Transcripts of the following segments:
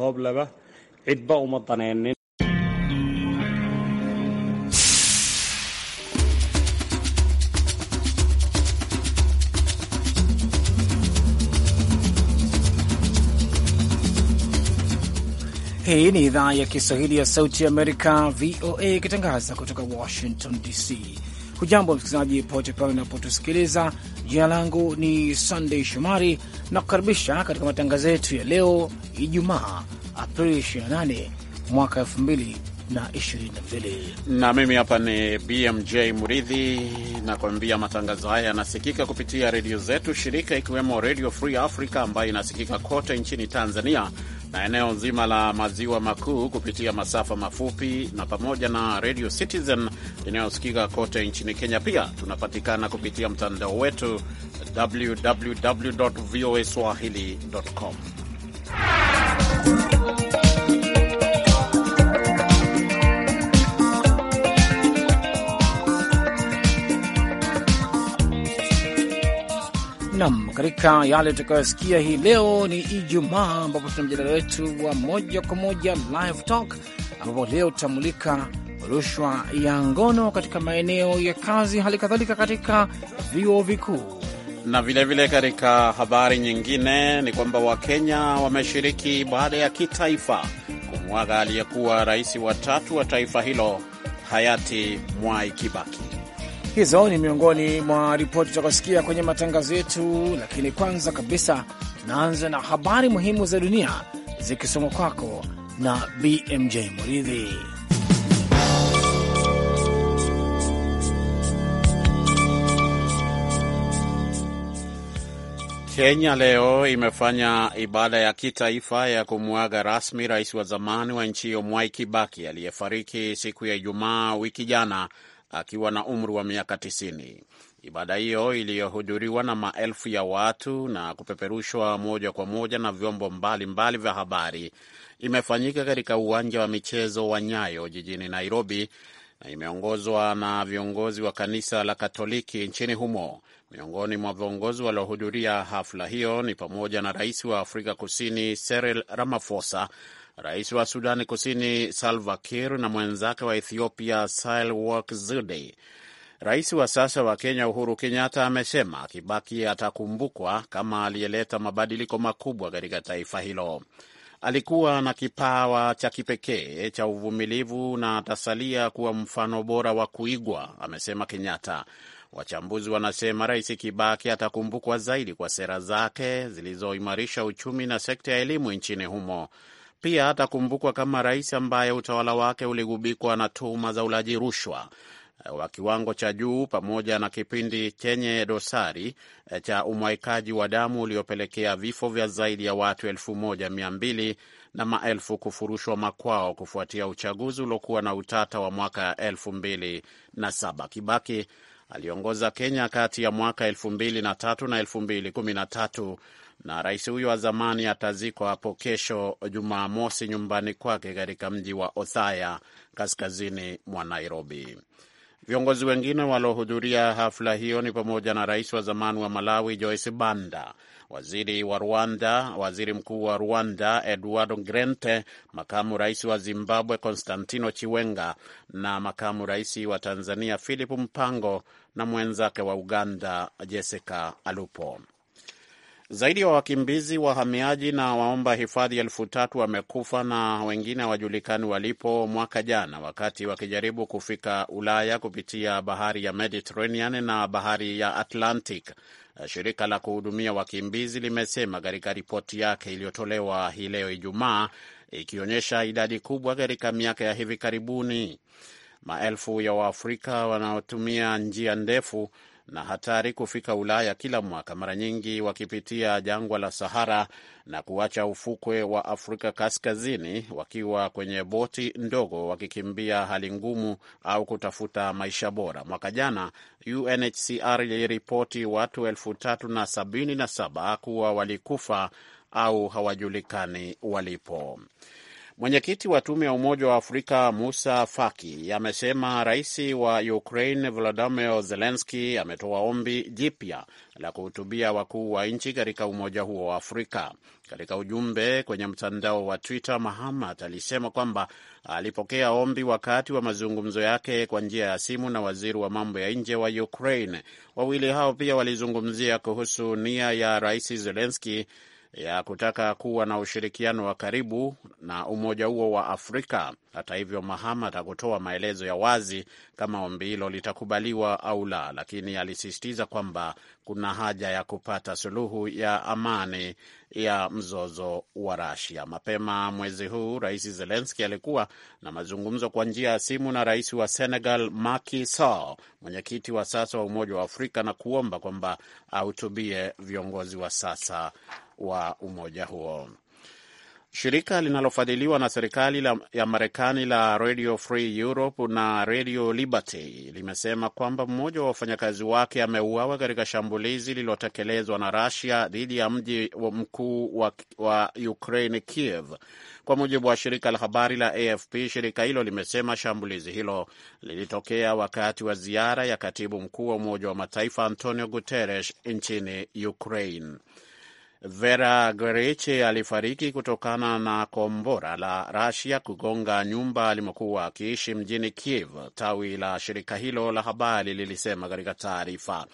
roob laba cidba uma daneenin Hii ni idhaa ya Kiswahili ya Sauti ya Amerika, VOA, ikitangaza kutoka Washington DC. Hujambo msikilizaji pote pale unapotusikiliza. Jina langu ni Sunday Shomari na kukaribisha katika matangazo yetu ya leo Ijumaa, Aprili 28 mwaka 2022. Na mimi hapa ni BMJ Muridhi nakuambia matangazo haya yanasikika kupitia redio zetu shirika, ikiwemo Redio Free Africa ambayo inasikika kote nchini Tanzania na eneo nzima la maziwa makuu kupitia masafa mafupi na pamoja na Radio Citizen inayosikika kote nchini Kenya. Pia tunapatikana kupitia mtandao wetu www voa Nam, katika yale utakayosikia hii leo ni Ijumaa, ambapo tuna mjadala wetu wa moja kwa moja live talk, ambapo leo tutamulika rushwa ya ngono katika maeneo ya kazi, hali kadhalika katika vyuo vikuu na vilevile vile. Katika habari nyingine ni kwamba Wakenya wameshiriki baada ya kitaifa kumwaga aliyekuwa rais wa tatu wa taifa hilo hayati Mwai Kibaki. Hizo ni miongoni mwa ripoti tutakosikia kwenye matangazo yetu, lakini kwanza kabisa tunaanza na habari muhimu za dunia zikisomwa kwako na BMJ Muridhi. Kenya leo imefanya ibada ya kitaifa ya kumwaga rasmi rais wa zamani wa nchi hiyo Mwai Kibaki aliyefariki siku ya Ijumaa wiki jana akiwa na umri wa miaka 90. Ibada hiyo iliyohudhuriwa na maelfu ya watu na kupeperushwa moja kwa moja na vyombo mbalimbali vya habari imefanyika katika uwanja wa michezo wa Nyayo jijini Nairobi na imeongozwa na viongozi wa kanisa la Katoliki nchini humo. Miongoni mwa viongozi waliohudhuria hafla hiyo ni pamoja na rais wa Afrika Kusini Cyril Ramaphosa Rais wa Sudani Kusini Salva Kiir na mwenzake wa Ethiopia Sahle-Work Zewde. Rais wa sasa wa Kenya Uhuru Kenyatta amesema Kibaki atakumbukwa kama aliyeleta mabadiliko makubwa katika taifa hilo. Alikuwa na kipawa cha kipekee cha uvumilivu na atasalia kuwa mfano bora wa kuigwa, amesema Kenyatta. Wachambuzi wanasema Rais Kibaki atakumbukwa zaidi kwa sera zake zilizoimarisha uchumi na sekta ya elimu nchini humo. Pia atakumbukwa kama rais ambaye utawala wake uligubikwa na tuhuma za ulaji rushwa eh, wa kiwango cha juu pamoja na kipindi chenye dosari eh, cha umwaikaji wa damu uliopelekea vifo vya zaidi ya watu elfu moja mia mbili na maelfu kufurushwa makwao kufuatia uchaguzi uliokuwa na utata wa mwaka elfu mbili na saba. Kibaki aliongoza Kenya kati ya mwaka elfu mbili na tatu na elfu mbili kumi na tatu na rais huyo wa zamani atazikwa hapo kesho Jumamosi nyumbani kwake katika mji wa Othaya kaskazini mwa Nairobi. Viongozi wengine waliohudhuria hafla hiyo ni pamoja na rais wa zamani wa Malawi Joyce Banda, waziri wa Rwanda, waziri mkuu wa Rwanda Eduardo Grente, makamu rais wa Zimbabwe Constantino Chiwenga na makamu rais wa Tanzania Philip Mpango na mwenzake wa Uganda Jessica Alupo. Zaidi ya wa wakimbizi wahamiaji na waomba hifadhi elfu tatu wamekufa na wengine hawajulikani walipo mwaka jana wakati wakijaribu kufika Ulaya kupitia bahari ya Mediterranean na bahari ya Atlantic. Shirika la kuhudumia wakimbizi limesema katika ripoti yake iliyotolewa hii leo Ijumaa, ikionyesha idadi kubwa katika miaka ya hivi karibuni. Maelfu ya Waafrika wanaotumia njia ndefu na hatari kufika Ulaya kila mwaka, mara nyingi wakipitia jangwa la Sahara na kuacha ufukwe wa Afrika Kaskazini wakiwa kwenye boti ndogo, wakikimbia hali ngumu au kutafuta maisha bora. Mwaka jana UNHCR iliripoti watu elfu tatu na sabini na saba kuwa walikufa au hawajulikani walipo. Mwenyekiti wa tume ya Umoja wa Afrika Musa Faki amesema rais wa Ukraine Volodymyr Zelenski ametoa ombi jipya la kuhutubia wakuu wa nchi katika umoja huo wa Afrika. Katika ujumbe kwenye mtandao wa Twitter, Mahamat alisema kwamba alipokea ombi wakati wa mazungumzo yake kwa njia ya simu na waziri wa mambo ya nje wa Ukraine. Wawili hao pia walizungumzia kuhusu nia ya rais Zelenski ya kutaka kuwa na ushirikiano wa karibu na umoja huo wa Afrika. Hata hivyo, Mahama hakutoa maelezo ya wazi kama ombi hilo litakubaliwa au la, lakini alisisitiza kwamba kuna haja ya kupata suluhu ya amani ya mzozo wa Rasia. Mapema mwezi huu, Rais Zelenski alikuwa na mazungumzo kwa njia ya simu na rais wa Senegal Macky Sall, mwenyekiti wa sasa wa Umoja wa Afrika, na kuomba kwamba ahutubie viongozi wa sasa wa umoja huo. Shirika linalofadhiliwa na serikali la, ya Marekani la Radio Free Europe na Radio Liberty limesema kwamba mmoja wa wafanyakazi wake ameuawa katika shambulizi lililotekelezwa na Russia dhidi ya mji mkuu wa, wa Ukraine, Kiev. Kwa mujibu wa shirika la habari la AFP, shirika hilo limesema shambulizi hilo lilitokea wakati wa ziara ya katibu mkuu wa Umoja wa Mataifa Antonio Guterres nchini Ukraine. Vera Gerichi alifariki kutokana na kombora la Rasia kugonga nyumba alimokuwa akiishi mjini Kiev, tawi la shirika hilo la habari lilisema katika taarifa.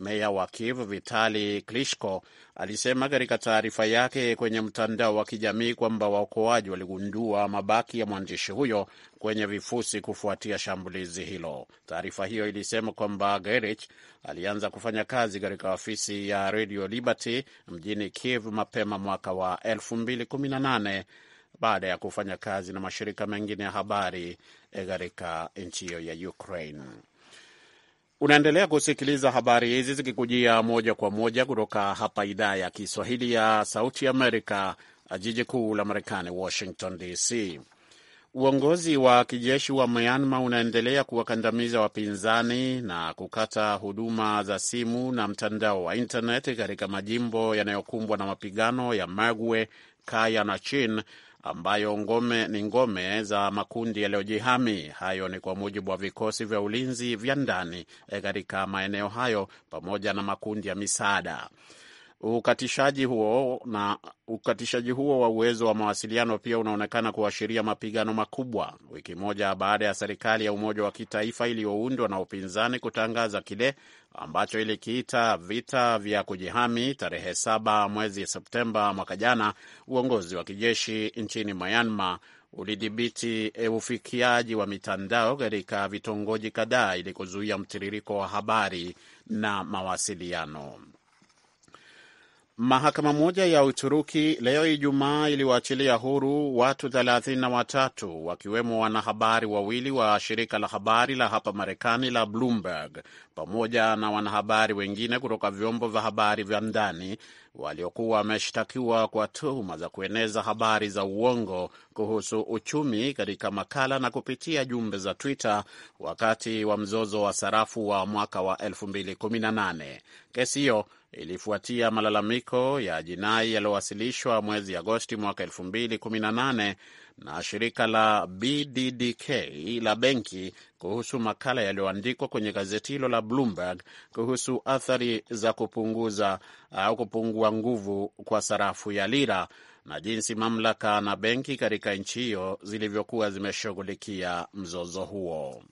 Meya wa Kiev Vitali klishko alisema katika taarifa yake kwenye mtandao wa kijamii kwamba waokoaji waligundua mabaki ya mwandishi huyo kwenye vifusi kufuatia shambulizi hilo. Taarifa hiyo ilisema kwamba Gerich alianza kufanya kazi katika ofisi ya Radio Liberty mjini Kiev mapema mwaka wa 2018 baada ya kufanya kazi na mashirika mengine ya habari katika nchi hiyo ya Ukraine. Unaendelea kusikiliza habari hizi zikikujia moja kwa moja kutoka hapa idhaa ya Kiswahili ya Sauti Amerika, jiji kuu la Marekani, Washington DC. Uongozi wa kijeshi wa Myanmar unaendelea kuwakandamiza wapinzani na kukata huduma za simu na mtandao wa intaneti katika majimbo yanayokumbwa na mapigano ya Magwe, Kaya na Chin ambayo ngome ni ngome za makundi yaliyojihami. Hayo ni kwa mujibu wa vikosi vya ulinzi vya ndani eh, katika maeneo hayo pamoja na makundi ya misaada. Ukatishaji huo na ukatishaji huo wa uwezo wa mawasiliano pia unaonekana kuashiria mapigano makubwa, wiki moja baada ya serikali ya umoja wa kitaifa iliyoundwa na upinzani kutangaza kile ambacho ilikiita vita vya kujihami tarehe saba mwezi Septemba mwaka jana, uongozi wa kijeshi nchini Myanmar ulidhibiti ufikiaji wa mitandao katika vitongoji kadhaa ili kuzuia mtiririko wa habari na mawasiliano. Mahakama moja ya Uturuki leo Ijumaa iliwaachilia huru watu thelathini na watatu wakiwemo wanahabari wawili wa shirika la habari la hapa Marekani la Bloomberg pamoja na wanahabari wengine kutoka vyombo vya habari vya ndani waliokuwa wameshtakiwa kwa tuhuma za kueneza habari za uongo kuhusu uchumi katika makala na kupitia jumbe za Twitter wakati wa mzozo wa sarafu wa mwaka wa 2018. Kesi hiyo ilifuatia malalamiko ya jinai yaliyowasilishwa mwezi Agosti mwaka 2018 na shirika la BDDK la benki kuhusu makala yaliyoandikwa kwenye gazeti hilo la Bloomberg kuhusu athari za kupunguza au kupungua nguvu kwa sarafu ya lira na jinsi mamlaka na benki katika nchi hiyo zilivyokuwa zimeshughulikia mzozo huo.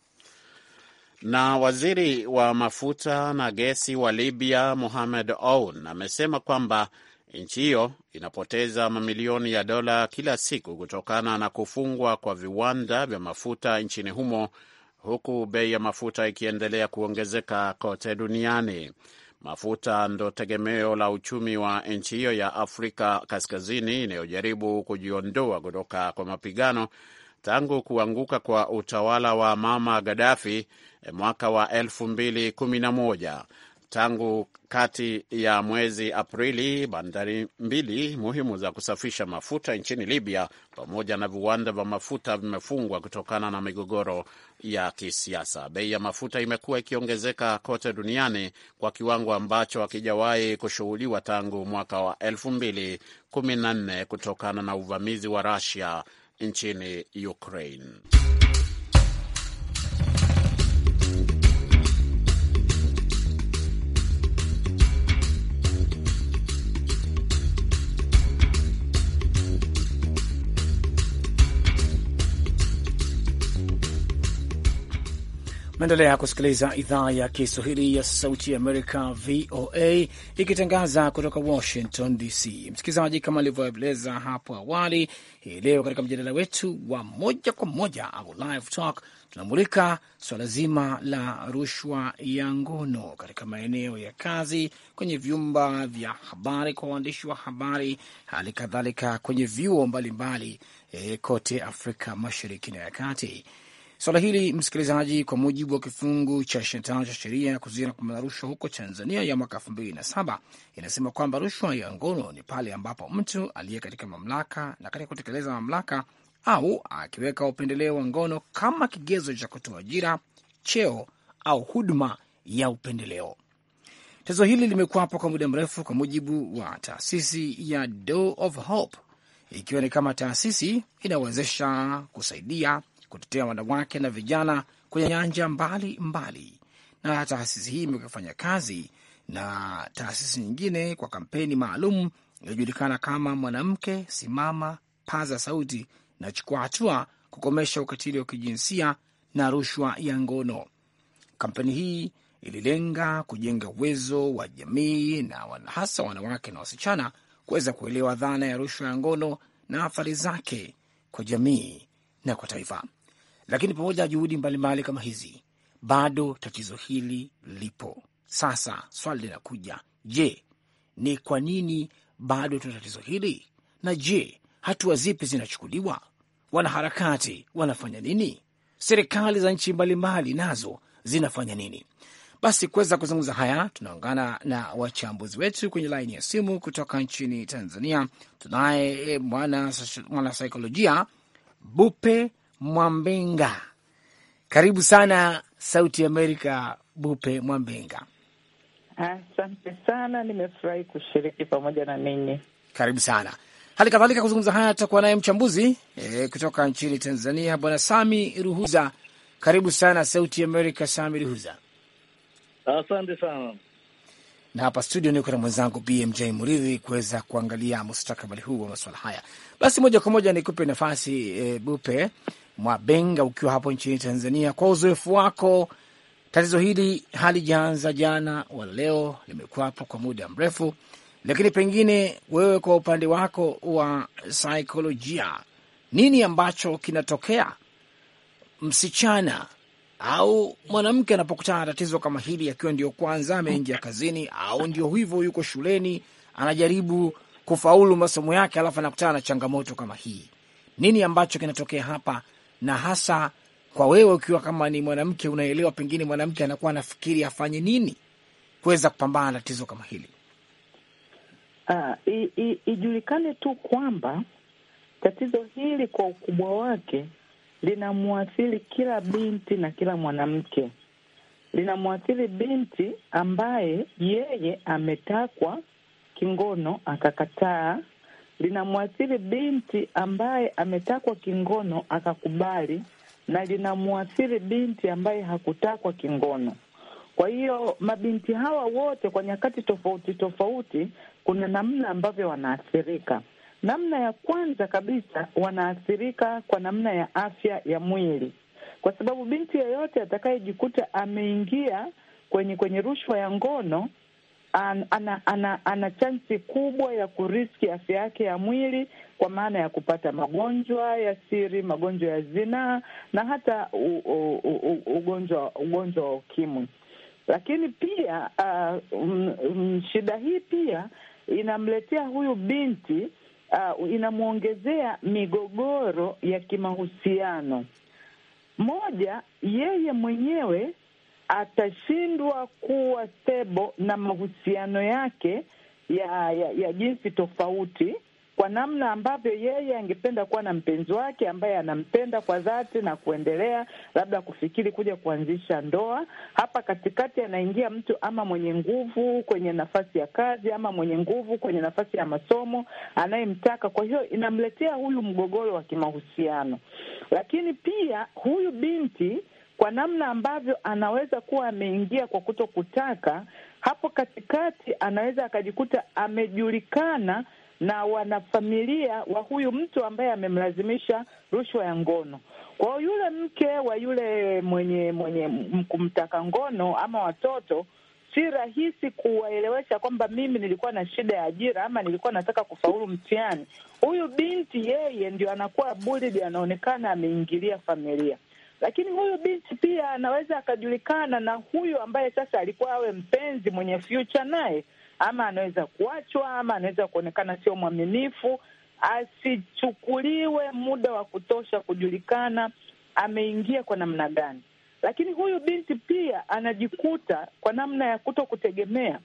Na waziri wa mafuta na gesi wa Libya Mohamed Oun amesema kwamba nchi hiyo inapoteza mamilioni ya dola kila siku kutokana na kufungwa kwa viwanda vya mafuta nchini humo huku bei ya mafuta ikiendelea kuongezeka kote duniani. Mafuta ndo tegemeo la uchumi wa nchi hiyo ya Afrika Kaskazini inayojaribu kujiondoa kutoka kwa mapigano tangu kuanguka kwa utawala wa Mama Gaddafi Eh, mwaka wa 2011. Tangu kati ya mwezi Aprili, bandari mbili muhimu za kusafisha mafuta nchini Libya pamoja na viwanda vya mafuta vimefungwa kutokana na migogoro ya kisiasa. Bei ya mafuta imekuwa ikiongezeka kote duniani kwa kiwango ambacho hakijawahi kushuhudiwa tangu mwaka wa 2014 kutokana na uvamizi wa rasia nchini Ukraine. Maendelea kusikiliza idhaa ya Kiswahili ya Sauti ya Amerika, VOA, ikitangaza kutoka Washington DC. Msikilizaji, kama alivyoeleza hapo awali, hii leo katika mjadala wetu wa moja kwa moja au live talk tunamulika swala zima la rushwa ya ngono katika maeneo ya kazi, kwenye vyumba vya habari kwa waandishi wa habari, hali kadhalika kwenye vyuo mbalimbali e, kote Afrika Mashariki na ya Kati. Swala hili msikilizaji, kwa mujibu wa kifungu cha ishirini cha sheria ya kuzuia na kupambana rushwa huko Tanzania ya mwaka elfu mbili na saba inasema kwamba rushwa ya ngono ni pale ambapo mtu aliye katika mamlaka na katika kutekeleza mamlaka au akiweka upendeleo wa ngono kama kigezo cha kutoa ajira, cheo au huduma ya upendeleo. Tatizo hili limekuwapo kwa muda mrefu, kwa mujibu wa taasisi ya Door of Hope, ikiwa ni kama taasisi inawezesha kusaidia kutetea wanawake na vijana kwenye nyanja mbali mbali, na taasisi hii imefanya kazi na taasisi nyingine kwa kampeni maalum inayojulikana kama Mwanamke Simama, Paza Sauti na Chukua Hatua, kukomesha ukatili wa kijinsia na rushwa ya ngono. Kampeni hii ililenga kujenga uwezo wa jamii na hasa wanawake na wasichana kuweza kuelewa dhana ya rushwa ya ngono na athari zake kwa jamii na kwa taifa. Lakini pamoja na juhudi mbalimbali kama hizi, bado tatizo hili lipo. Sasa swali linakuja, je, ni kwa nini bado tuna tatizo hili na je, hatua zipi zinachukuliwa? Wanaharakati wanafanya nini? Serikali za nchi mbalimbali nazo zinafanya nini? Basi kuweza kuzungumza haya, tunaungana na wachambuzi wetu kwenye laini ya simu. Kutoka nchini Tanzania tunaye eh, mwana Bupe Mwambenga. Karibu sana Sauti Amerika, Bupe Mwambenga. Asante sana, nimefurahi kushiriki pamoja na ninyi. Karibu sana. Hali kadhalika kuzungumza haya tutakuwa naye mchambuzi e, kutoka nchini Tanzania, Bwana Sami Ruhuza. Karibu sana Sauti Amerika, Sami Ruhuza. Asante sana. Na hapa studio niko na mwenzangu BMJ Muridhi kuweza kuangalia mustakabali huu wa masuala haya. Basi moja kwa moja nikupe nafasi e, Bupe Mwabenga, ukiwa hapo nchini Tanzania, kwa uzoefu wako, tatizo hili halijaanza jana wala leo, limekuwapo kwa muda mrefu, lakini pengine wewe kwa upande wako wa saikolojia, nini ambacho kinatokea msichana au mwanamke anapokutana na tatizo kama hili, akiwa ndio kwanza ameingia kazini au ndio hivyo yuko shuleni anajaribu kufaulu masomo yake, alafu anakutana na changamoto kama hii? Nini ambacho kinatokea hapa na hasa kwa wewe ukiwa kama ni mwanamke unaelewa, pengine mwanamke anakuwa anafikiri afanye nini kuweza kupambana na tatizo kama hili. Uh, ijulikane tu kwamba tatizo hili kwa ukubwa wake linamwathiri kila binti na kila mwanamke. Linamwathiri binti ambaye yeye ametakwa kingono akakataa linamwathiri binti ambaye ametakwa kingono akakubali, na linamwathiri binti ambaye hakutakwa kingono. Kwa hiyo mabinti hawa wote kwa nyakati tofauti tofauti, kuna namna ambavyo wanaathirika. Namna ya kwanza kabisa, wanaathirika kwa namna ya afya ya mwili, kwa sababu binti yeyote atakayejikuta ameingia kwenye kwenye rushwa ya ngono ana, ana, ana, ana chansi kubwa ya kuriski afya yake ya mwili kwa maana ya kupata magonjwa ya siri, magonjwa ya zinaa na hata u, u, u, ugonjwa ugonjwa wa ukimwi. Lakini pia uh, m, m, shida hii pia inamletea huyu binti uh, inamwongezea migogoro ya kimahusiano. Moja, yeye mwenyewe atashindwa kuwa stable na mahusiano yake ya, ya, ya jinsi tofauti kwa namna ambavyo yeye angependa kuwa na mpenzi wake ambaye anampenda kwa dhati na kuendelea labda kufikiri kuja kuanzisha ndoa. Hapa katikati anaingia mtu ama mwenye nguvu kwenye nafasi ya kazi ama mwenye nguvu kwenye nafasi ya masomo anayemtaka, kwa hiyo inamletea huyu mgogoro wa kimahusiano. Lakini pia huyu binti kwa namna ambavyo anaweza kuwa ameingia kwa kuto kutaka. Hapo katikati anaweza akajikuta amejulikana na wanafamilia wa huyu mtu ambaye amemlazimisha rushwa ya ngono. Kwa hiyo yule mke wa yule mwenye mwenye kumtaka ngono ama watoto, si rahisi kuwaelewesha kwamba mimi nilikuwa na shida ya ajira ama nilikuwa nataka kufaulu mtihani. Huyu binti yeye ndio anakuwa bullied, anaonekana ameingilia familia lakini huyu binti pia anaweza akajulikana na huyu ambaye sasa alikuwa awe mpenzi mwenye future naye, ama anaweza kuachwa, ama anaweza kuonekana sio mwaminifu. Asichukuliwe muda wa kutosha kujulikana ameingia kwa namna gani. Lakini huyu binti pia anajikuta kwa namna ya kuto kutegemea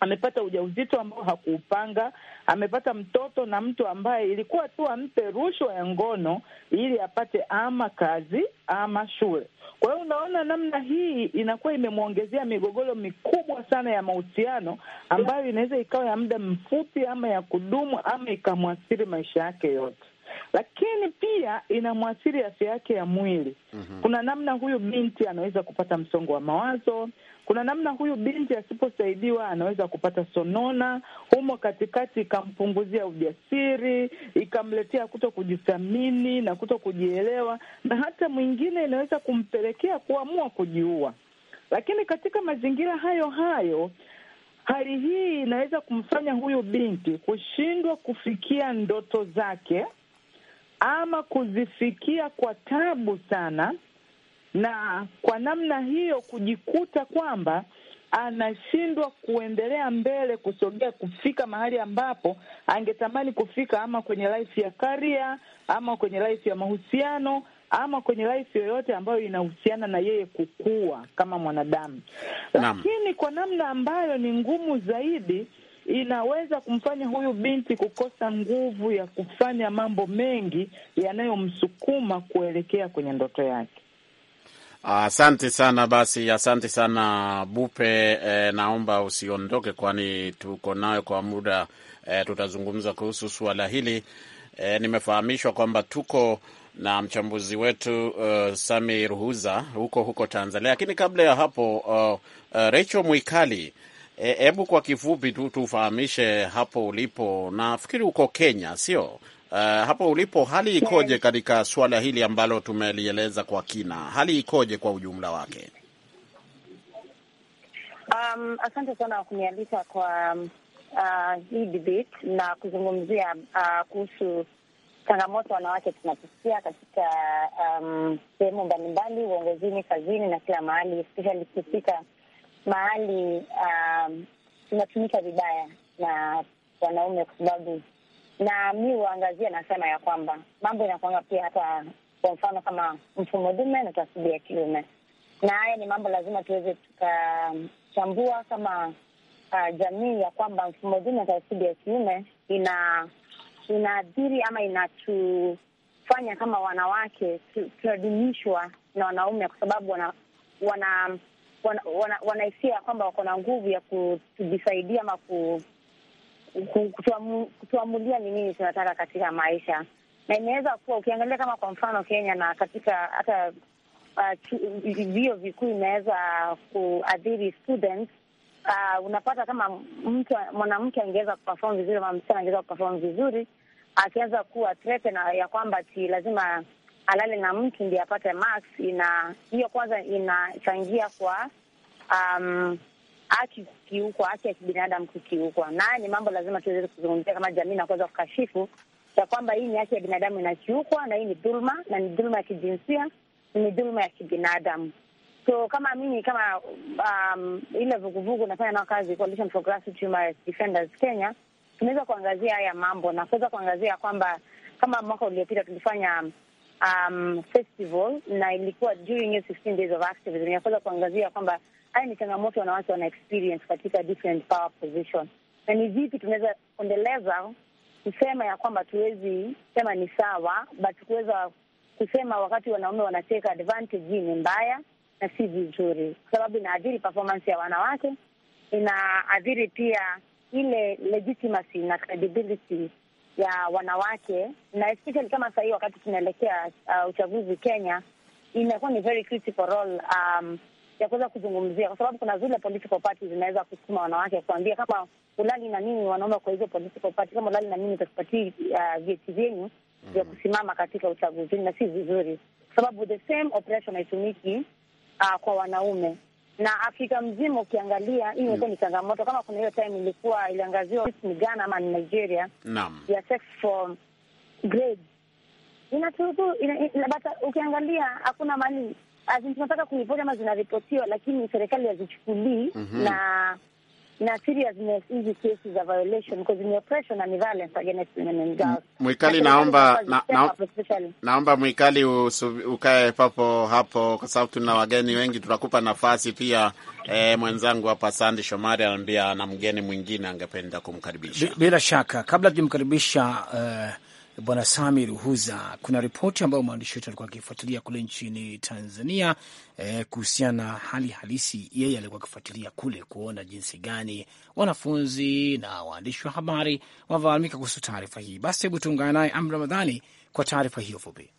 amepata ujauzito ambao hakuupanga, amepata mtoto na mtu ambaye ilikuwa tu ampe rushwa ya ngono ili apate ama kazi ama shule. Kwa hiyo unaona namna hii inakuwa imemwongezea migogoro mikubwa sana ya mahusiano ambayo inaweza ikawa ya muda mfupi ama ya kudumu ama ikamwathiri maisha yake yote lakini pia inamwathiri afya yake ya mwili. Mm -hmm. Kuna namna huyu binti anaweza kupata msongo wa mawazo, kuna namna huyu binti asiposaidiwa anaweza kupata sonona humo katikati, ikampunguzia ujasiri, ikamletea kuto kujithamini na kuto kujielewa, na hata mwingine inaweza kumpelekea kuamua kujiua. Lakini katika mazingira hayo hayo hali hii inaweza kumfanya huyu binti kushindwa kufikia ndoto zake ama kuzifikia kwa tabu sana, na kwa namna hiyo kujikuta kwamba anashindwa kuendelea mbele kusogea kufika mahali ambapo angetamani kufika, ama kwenye life ya karia, ama kwenye life ya mahusiano, ama kwenye life yoyote ambayo inahusiana na yeye kukua kama mwanadamu. Lakini kwa namna ambayo ni ngumu zaidi, inaweza kumfanya huyu binti kukosa nguvu ya kufanya mambo mengi yanayomsukuma kuelekea kwenye ndoto yake. Asante sana basi, asante sana Bupe. E, naomba usiondoke, kwani tuko nayo kwa muda e, tutazungumza kuhusu suala hili e, nimefahamishwa kwamba tuko na mchambuzi wetu uh, Sami Ruhuza huko huko Tanzania, lakini kabla ya hapo uh, uh, Rachel Mwikali, hebu e, kwa kifupi tu tufahamishe hapo ulipo. Nafikiri uko Kenya, sio? Uh, hapo ulipo hali ikoje katika suala hili ambalo tumelieleza kwa kina, hali ikoje kwa ujumla wake? Um, asante sana kwa kunialika kwa um, uh, hii debate na kuzungumzia uh, kuhusu changamoto wanawake tunapitia katika um, sehemu um, mbalimbali uongozini, kazini na kila mahali, especially kufika mahali um, tunatumika vibaya na wanaume kwa sababu na mi huangazia, nasema ya kwamba mambo inakuanga pia hata kwa mfano kama mfumo dume na taasisi ya kiume, na haya ni mambo lazima tuweze tukachambua kama uh, jamii ya kwamba mfumo dume na taasisi ya kiume ina inaadhiri ama inatufanya kama wanawake tunadumishwa na wanaume, kwa sababu wana wana wanahisia wana, wana ya kwamba wako na nguvu ya kutujisaidia ama kutuamulia ni nini tunataka katika maisha, na inaweza kuwa ukiangalia kama kwa mfano Kenya na katika hata vio uh, vikuu imeweza kuadhiri students uh, unapata kama mtu mwanamke angeweza kuperform vizuri ama msichana angeweza kuperform vizuri, akianza kuwa threat na ya kwamba ti lazima alale na mtu ndi apate marks, ina hiyo kwanza inachangia kwa um, haki kukiukwa, haki ya kibinadamu kukiukwa, na ni mambo lazima tuweze kuzungumzia kama jamii na kuweza kukashifu cha kwamba hii ni haki ya binadamu inakiukwa, na hii ni dhuluma, na ni dhuluma ya kijinsia, ni dhuluma ya kibinadamu. So kama mimi kama um, ile vuguvugu nafanya nao kazi Coalition for Grassroots Human Rights Defenders Kenya, tunaweza kuangazia haya mambo na kuweza kuangazia kwamba kama mwaka uliopita tulifanya um, festival na ilikuwa during 16 days of activism, ya kuweza kuangazia kwamba haya ni changamoto wanawake wana experience katika different power position, na ni vipi tunaweza kuendeleza kusema ya kwamba tuwezi sema ni sawa, but kuweza kusema wakati wanaume wanateka advantage hii ni mbaya na si vizuri, kwa sababu inaadhiri performance ya wanawake, inaadhiri pia ile legitimacy na credibility ya wanawake, na especially kama sahii wakati tunaelekea uh, uchaguzi Kenya, inakuwa ni very critical role um, ya kuweza kuzungumzia, kwa sababu kuna zile political party zinaweza kusukuma wanawake kuambia, kama ulali na nini wanaume kwa hizo political party, kama ulali na nini utakupatia uh, vyeti vyenyu vya mm. kusimama katika uchaguzi, na si vizuri, kwa sababu the same operation haitumiki uh, kwa wanaume na Afrika mzima ukiangalia hii imekuwa mm. ni changamoto. Kama kuna hiyo time ilikuwa iliangaziwa ni Ghana ama ni Nigeria naam, ya sex for grade inatubu ina, ina, ina, ukiangalia hakuna mali zinataka kuripoti ama zinaripotiwa, lakini serikali hazichukulii mm -hmm. na na seriousness hizi kesi za violation because in oppression and violence against women and girls. Mwikali, naomba na, na, naomba Mwikali ukae papo hapo, kwa sababu tuna wageni wengi, tutakupa nafasi pia. Eh, mwenzangu hapa Sandi Shomari anambia na mgeni mwingine angependa kumkaribisha bila shaka, kabla tujamkaribisha uh, eh, Bwana Sami Ruhuza, kuna ripoti ambayo mwandishi wetu alikuwa akifuatilia kule nchini Tanzania eh, kuhusiana na hali halisi. Yeye alikuwa akifuatilia kule kuona jinsi gani wanafunzi na waandishi wa habari wanavyoalamika kuhusu taarifa hii. Basi hebu tuungana naye Amri Ramadhani kwa taarifa hiyo fupi.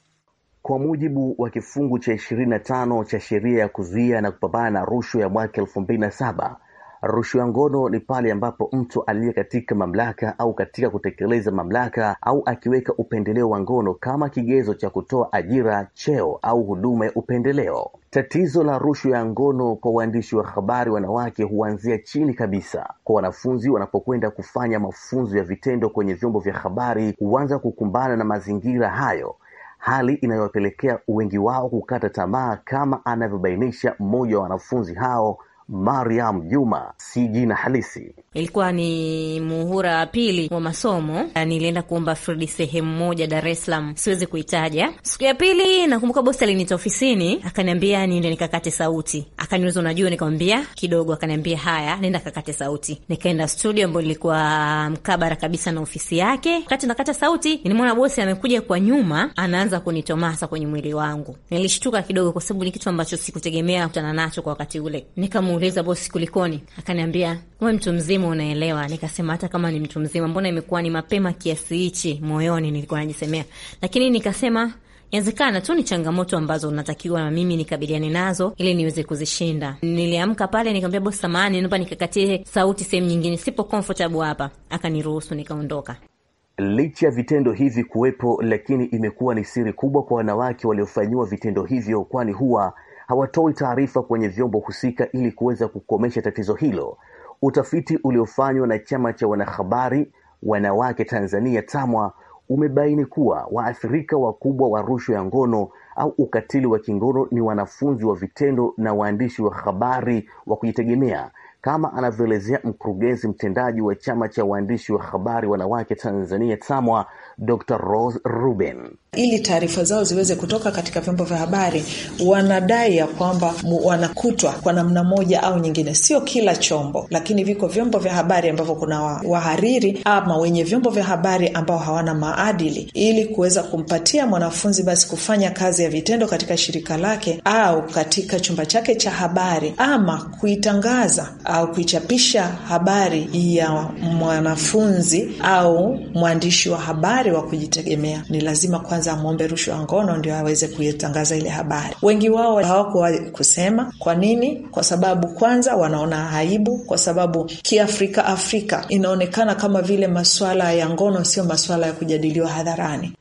Kwa mujibu wa kifungu cha 25 cha sheria ya kuzuia na kupambana na rushwa ya mwaka 2007 Rushwa ngono ni pale ambapo mtu aliye katika mamlaka au katika kutekeleza mamlaka au akiweka upendeleo wa ngono kama kigezo cha kutoa ajira, cheo au huduma ya upendeleo. Tatizo la rushwa ya ngono kwa waandishi wa habari wanawake huanzia chini kabisa. Kwa wanafunzi, wanapokwenda kufanya mafunzo ya vitendo kwenye vyombo vya habari, huanza kukumbana na mazingira hayo, hali inayowapelekea wengi wao kukata tamaa, kama anavyobainisha mmoja wa wanafunzi hao Mariam Juma si jina halisi. Ilikuwa ni muhura wa pili wa masomo, nilienda kuomba fredi sehemu moja Dar es Salaam, siwezi kuitaja. Siku ya pili nakumbuka bosi alinita ofisini, akaniambia niende nikakate sauti, akaniuliza unajua, nikamwambia kidogo, akaniambia haya, nenda kakate sauti. Nikaenda studio ambayo ilikuwa mkabara kabisa na ofisi yake. Wakati nakata sauti, nilimwona bosi amekuja kwa nyuma, anaanza kunitomasa kwenye mwili wangu. Nilishtuka kidogo, kwa sababu ni kitu ambacho sikutegemea kutana nacho kwa wakati ule. Nikamu nikamuuliza bosi, kulikoni? Akaniambia we mtu mzima unaelewa. Nikasema hata kama ni mtu mzima, mbona imekuwa ni mapema kiasi hichi? Moyoni nilikuwa najisemea, lakini nikasema inawezekana tu ni changamoto ambazo natakiwa na mimi nikabiliane nazo ili niweze kuzishinda. Niliamka pale nikamwambia bosi, samahani, naomba nikakatie sauti sehemu nyingine, sipo comfortable hapa. Akaniruhusu nikaondoka. Licha ya vitendo hivi kuwepo, lakini imekuwa ni siri kubwa kwa wanawake waliofanyiwa vitendo hivyo, kwani huwa hawatoi taarifa kwenye vyombo husika ili kuweza kukomesha tatizo hilo. Utafiti uliofanywa na Chama cha Wanahabari Wanawake Tanzania TAMWA umebaini kuwa waathirika wakubwa wa rushwa ya ngono au ukatili wa kingono ni wanafunzi wa vitendo na waandishi wa habari wa kujitegemea, kama anavyoelezea mkurugenzi mtendaji wa Chama cha Waandishi wa Habari Wanawake Tanzania TAMWA, Dr Rose Ruben ili taarifa zao ziweze kutoka katika vyombo vya habari, wanadai ya kwamba wanakutwa kwa namna moja au nyingine. Sio kila chombo, lakini viko vyombo vya habari ambavyo kuna wahariri ama wenye vyombo vya habari ambao hawana maadili, ili kuweza kumpatia mwanafunzi basi kufanya kazi ya vitendo katika shirika lake au katika chumba chake cha habari, ama kuitangaza au kuichapisha habari ya mwanafunzi au mwandishi wa habari wa kujitegemea, ni lazima kwa kwanza amwombe rushwa ya ngono ndio aweze kuitangaza ile habari. Wengi wao hawakuwa kusema. Kwa nini? Kwa sababu kwanza wanaona aibu, kwa sababu kiafrika Afrika inaonekana kama vile maswala ya ngono sio maswala ya kujadiliwa hadharani.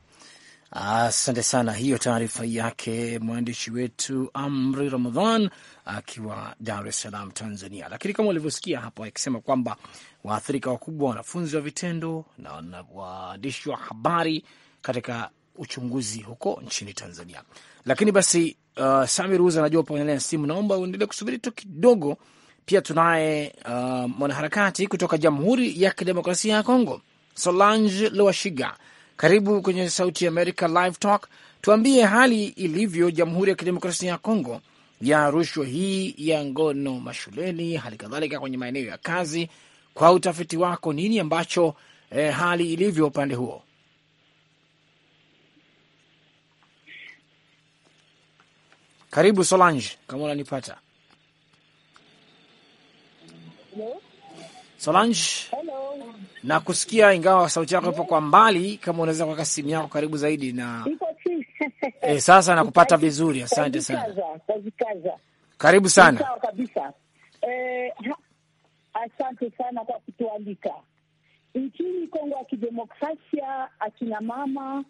Asante sana, hiyo taarifa yake mwandishi wetu Amri Ramadhan akiwa Dar es Salaam, Tanzania. Lakini kama ulivyosikia hapo akisema kwamba waathirika wakubwa wanafunzi wa vitendo na waandishi wa habari katika uchunguzi huko nchini Tanzania. Lakini basi uh, Samir Uza anajua pamoja na simu, naomba uendelee kusubiri tu kidogo. Pia tunaye uh, mwanaharakati kutoka Jamhuri ya Kidemokrasia ya Kongo, Solange Lwashiga, karibu kwenye Sauti ya America Live Talk. Tuambie hali ilivyo Jamhuri ya Kidemokrasia ya Kongo ya rushwa hii ya ngono mashuleni, hali kadhalika kwenye maeneo ya kazi. Kwa utafiti wako, nini ambacho eh, hali ilivyo upande huo? Karibu Solange, kama unanipata Solange. nakusikia na kusikia ingawa sauti yako ipo kwa mbali, kama unaweza kuweka simu yako karibu zaidi na e, sasa nakupata vizuri, asante sana, karibu sana. Eh, asante sana kwa kutualika. Nchini Kongo ya Kidemokrasia, akina mama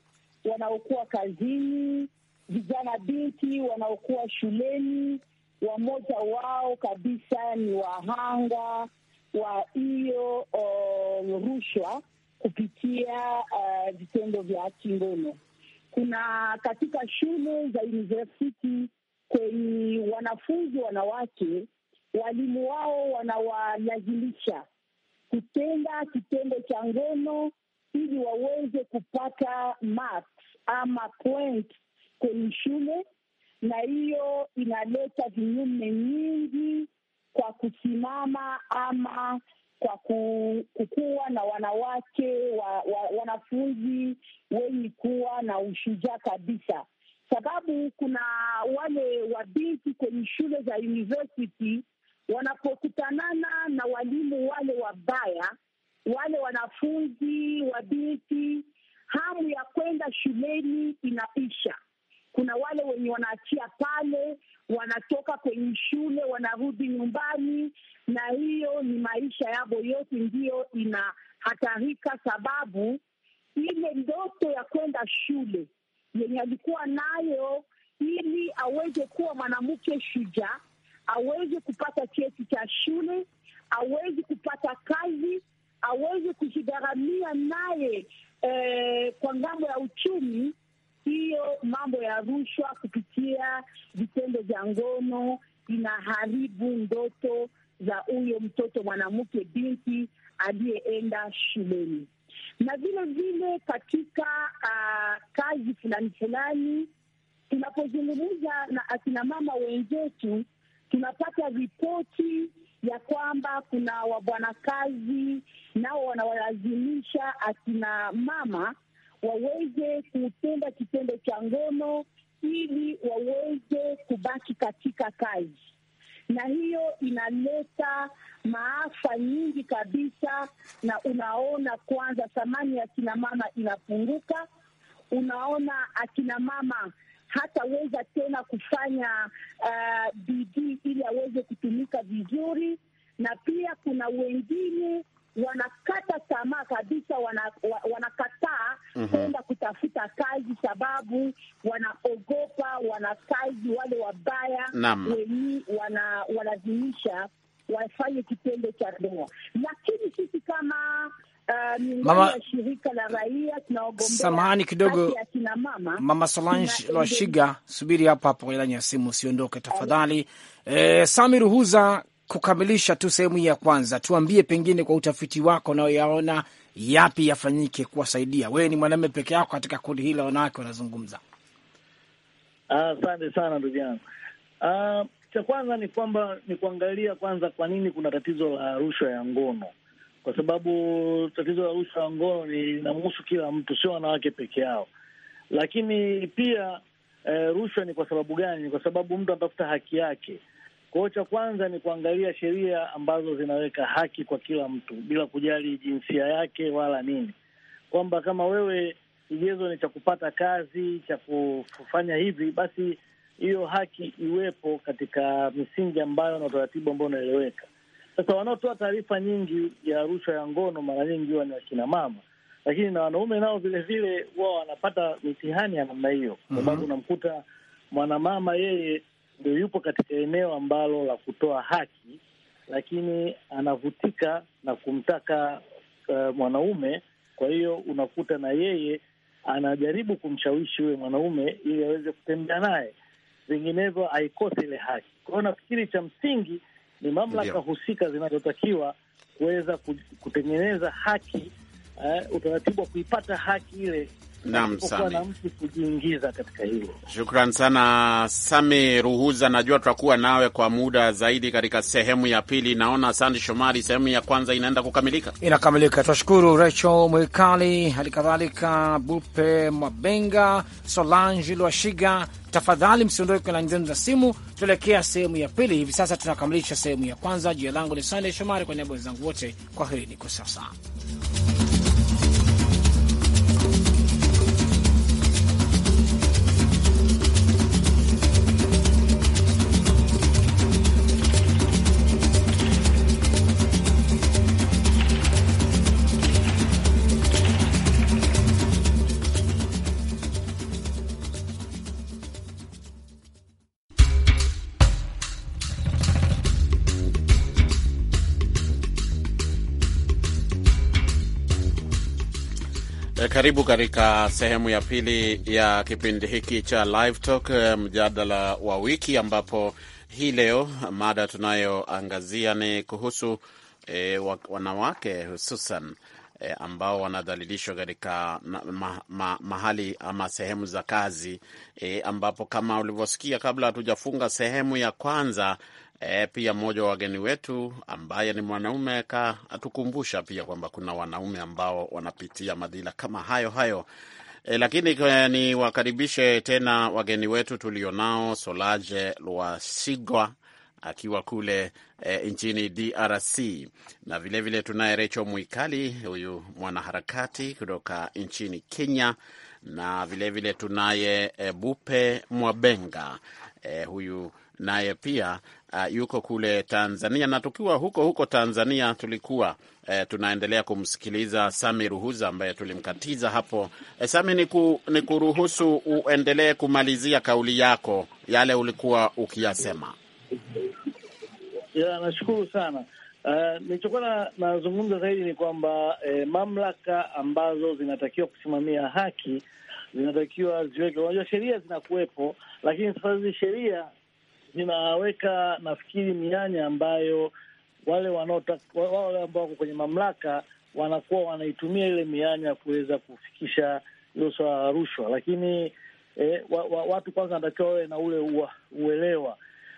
wanaokuwa kazini vijana binti wanaokuwa shuleni, wamoja wao kabisa ni wahanga wa hiyo uh, rushwa kupitia uh, vitendo vya kingono. Kuna katika shule za universiti kwenye wanafunzi wanawake, walimu wao wanawalazimisha kutenda kitendo cha ngono ili waweze kupata marks ama kwenye shule, na hiyo inaleta vinyume nyingi kwa kusimama ama kwa kukuwa na wanawake wa, wa, wanafunzi wenye kuwa na ushujaa kabisa, sababu kuna wale wabinti kwenye shule za university wanapokutanana na walimu wale wabaya, wale wanafunzi wabinti, hamu ya kwenda shuleni inaisha. Kuna wale wenye wanaachia pale, wanatoka kwenye shule wanarudi nyumbani, na hiyo ni maisha yabo yote ndiyo inahatarika, sababu ile ndoto ya kwenda shule yenye alikuwa nayo ili aweze kuwa mwanamke shujaa, aweze kupata cheti cha shule, aweze kupata kazi, aweze kujigharamia naye eh, kwa ngambo ya uchumi hiyo mambo ya rushwa kupitia vitendo vya ngono inaharibu ndoto za huyo mtoto mwanamke, binti aliyeenda shuleni, na vile vile katika uh, kazi fulani fulani tunapozungumza na akinamama wenzetu tunapata ripoti ya kwamba kuna wabwanakazi nao wanawalazimisha akinamama waweze kutenda kitendo cha ngono ili waweze kubaki katika kazi, na hiyo inaleta maafa nyingi kabisa. Na unaona kwanza, thamani ya akina mama inapunguka. Unaona akina mama hataweza tena kufanya uh, bidii ili aweze kutumika vizuri, na pia kuna wengine wanakata tamaa kabisa, wana, wanakataa mm -hmm. kwenda kutafuta kazi, sababu wanaogopa wanakazi wale wabaya wenye walazimisha wana wafanye kitendo cha doa, lakini sisi kama Uh, mama samahani kidogo, mama Solange Lwashiga, subiri hapo hapo, ilani ya simu usiondoke tafadhali. Eh, Sami Ruhuza kukamilisha tu sehemu hii ya kwanza, tuambie pengine kwa utafiti wako unayoyaona yapi yafanyike kuwasaidia. Wewe ni mwanaume peke yako katika kundi hili la wanawake wanazungumza. Asante uh, sana ndugu yangu uh, cha kwanza ni kwamba ni kuangalia kwanza kwa nini kuna tatizo la rushwa ya ngono, kwa sababu tatizo la rushwa ya ngono linamhusu kila mtu, sio wanawake peke yao. Lakini pia eh, rushwa ni kwa sababu gani? Ni kwa sababu mtu anatafuta haki yake. Kwa hiyo cha kwanza ni kuangalia sheria ambazo zinaweka haki kwa kila mtu bila kujali jinsia yake wala nini, kwamba kama wewe kigezo ni cha kupata kazi, cha kufanya hivi, basi hiyo haki iwepo katika misingi ambayo na utaratibu ambao unaeleweka. Sasa wanaotoa taarifa nyingi ya rushwa ya ngono mara nyingi huwa ni wakina mama, lakini na wanaume nao vilevile huwa wanapata mitihani ya namna hiyo, kwa sababu mhm. unamkuta mwanamama yeye ndio yupo katika eneo ambalo la kutoa haki, lakini anavutika na kumtaka uh, mwanaume. Kwa hiyo unakuta na yeye anajaribu kumshawishi huye mwanaume ili aweze kutembea naye, vinginevyo aikose ile haki. Kwa hiyo nafikiri cha msingi ni mamlaka husika zinazotakiwa kuweza kutengeneza haki uh, utaratibu wa kuipata haki ile Naam, Shukran sana Sami Ruhuza, najua tutakuwa nawe kwa muda zaidi katika sehemu ya pili. Naona Sandi Shomari, sehemu ya kwanza inaenda kukamilika, inakamilika. Tunashukuru Rachel Mwikali, hali kadhalika Bupe mabenga Solange Lwashiga. Tafadhali msiondoke kwa laini zenu za simu, tuelekea sehemu ya pili. Hivi sasa tunakamilisha sehemu ya kwanza. Jina langu ni Sande Shomari, kwa niaba wenzangu wote, kwaherini kwa sasa. Eh, karibu katika sehemu ya pili ya kipindi hiki cha Live Talk, eh, mjadala wa wiki, ambapo hii leo mada tunayoangazia ni kuhusu e, wanawake hususan e, ambao wanadhalilishwa katika ma, ma, mahali ama sehemu za kazi e, ambapo kama ulivyosikia kabla hatujafunga sehemu ya kwanza E, pia mmoja wa wageni wetu ambaye ni mwanaume atukumbusha pia kwamba kuna wanaume ambao wanapitia madhila kama hayo hayo. E, lakini niwakaribishe tena wageni wetu tulionao Solaje Lwasigwa akiwa kule e, nchini DRC na vilevile tunaye Recho Mwikali, huyu mwanaharakati kutoka nchini Kenya, na vilevile tunaye e, Bupe Mwabenga e, huyu naye pia uh, yuko kule Tanzania. Na tukiwa huko huko Tanzania, tulikuwa uh, tunaendelea kumsikiliza Sami Ruhuza ambaye tulimkatiza hapo. Uh, Sami, ni, ku, ni kuruhusu uendelee kumalizia kauli yako yale ulikuwa ukiyasema. Ya, nashukuru sana. Uh, nilichokuwa nazungumza zaidi ni kwamba eh, mamlaka ambazo zinatakiwa kusimamia haki zinatakiwa ziweke. Unajua, sheria zinakuwepo, lakini sasa hizi sheria zinaweka nafikiri mianya ambayo wale wanaotaka wale ambao wako kwenye mamlaka wanakuwa wanaitumia ile mianya kuweza kufikisha hilo swala la rushwa, lakini eh, wa, wa, watu kwanza wanatakiwa wawe na ule uwa, uelewa,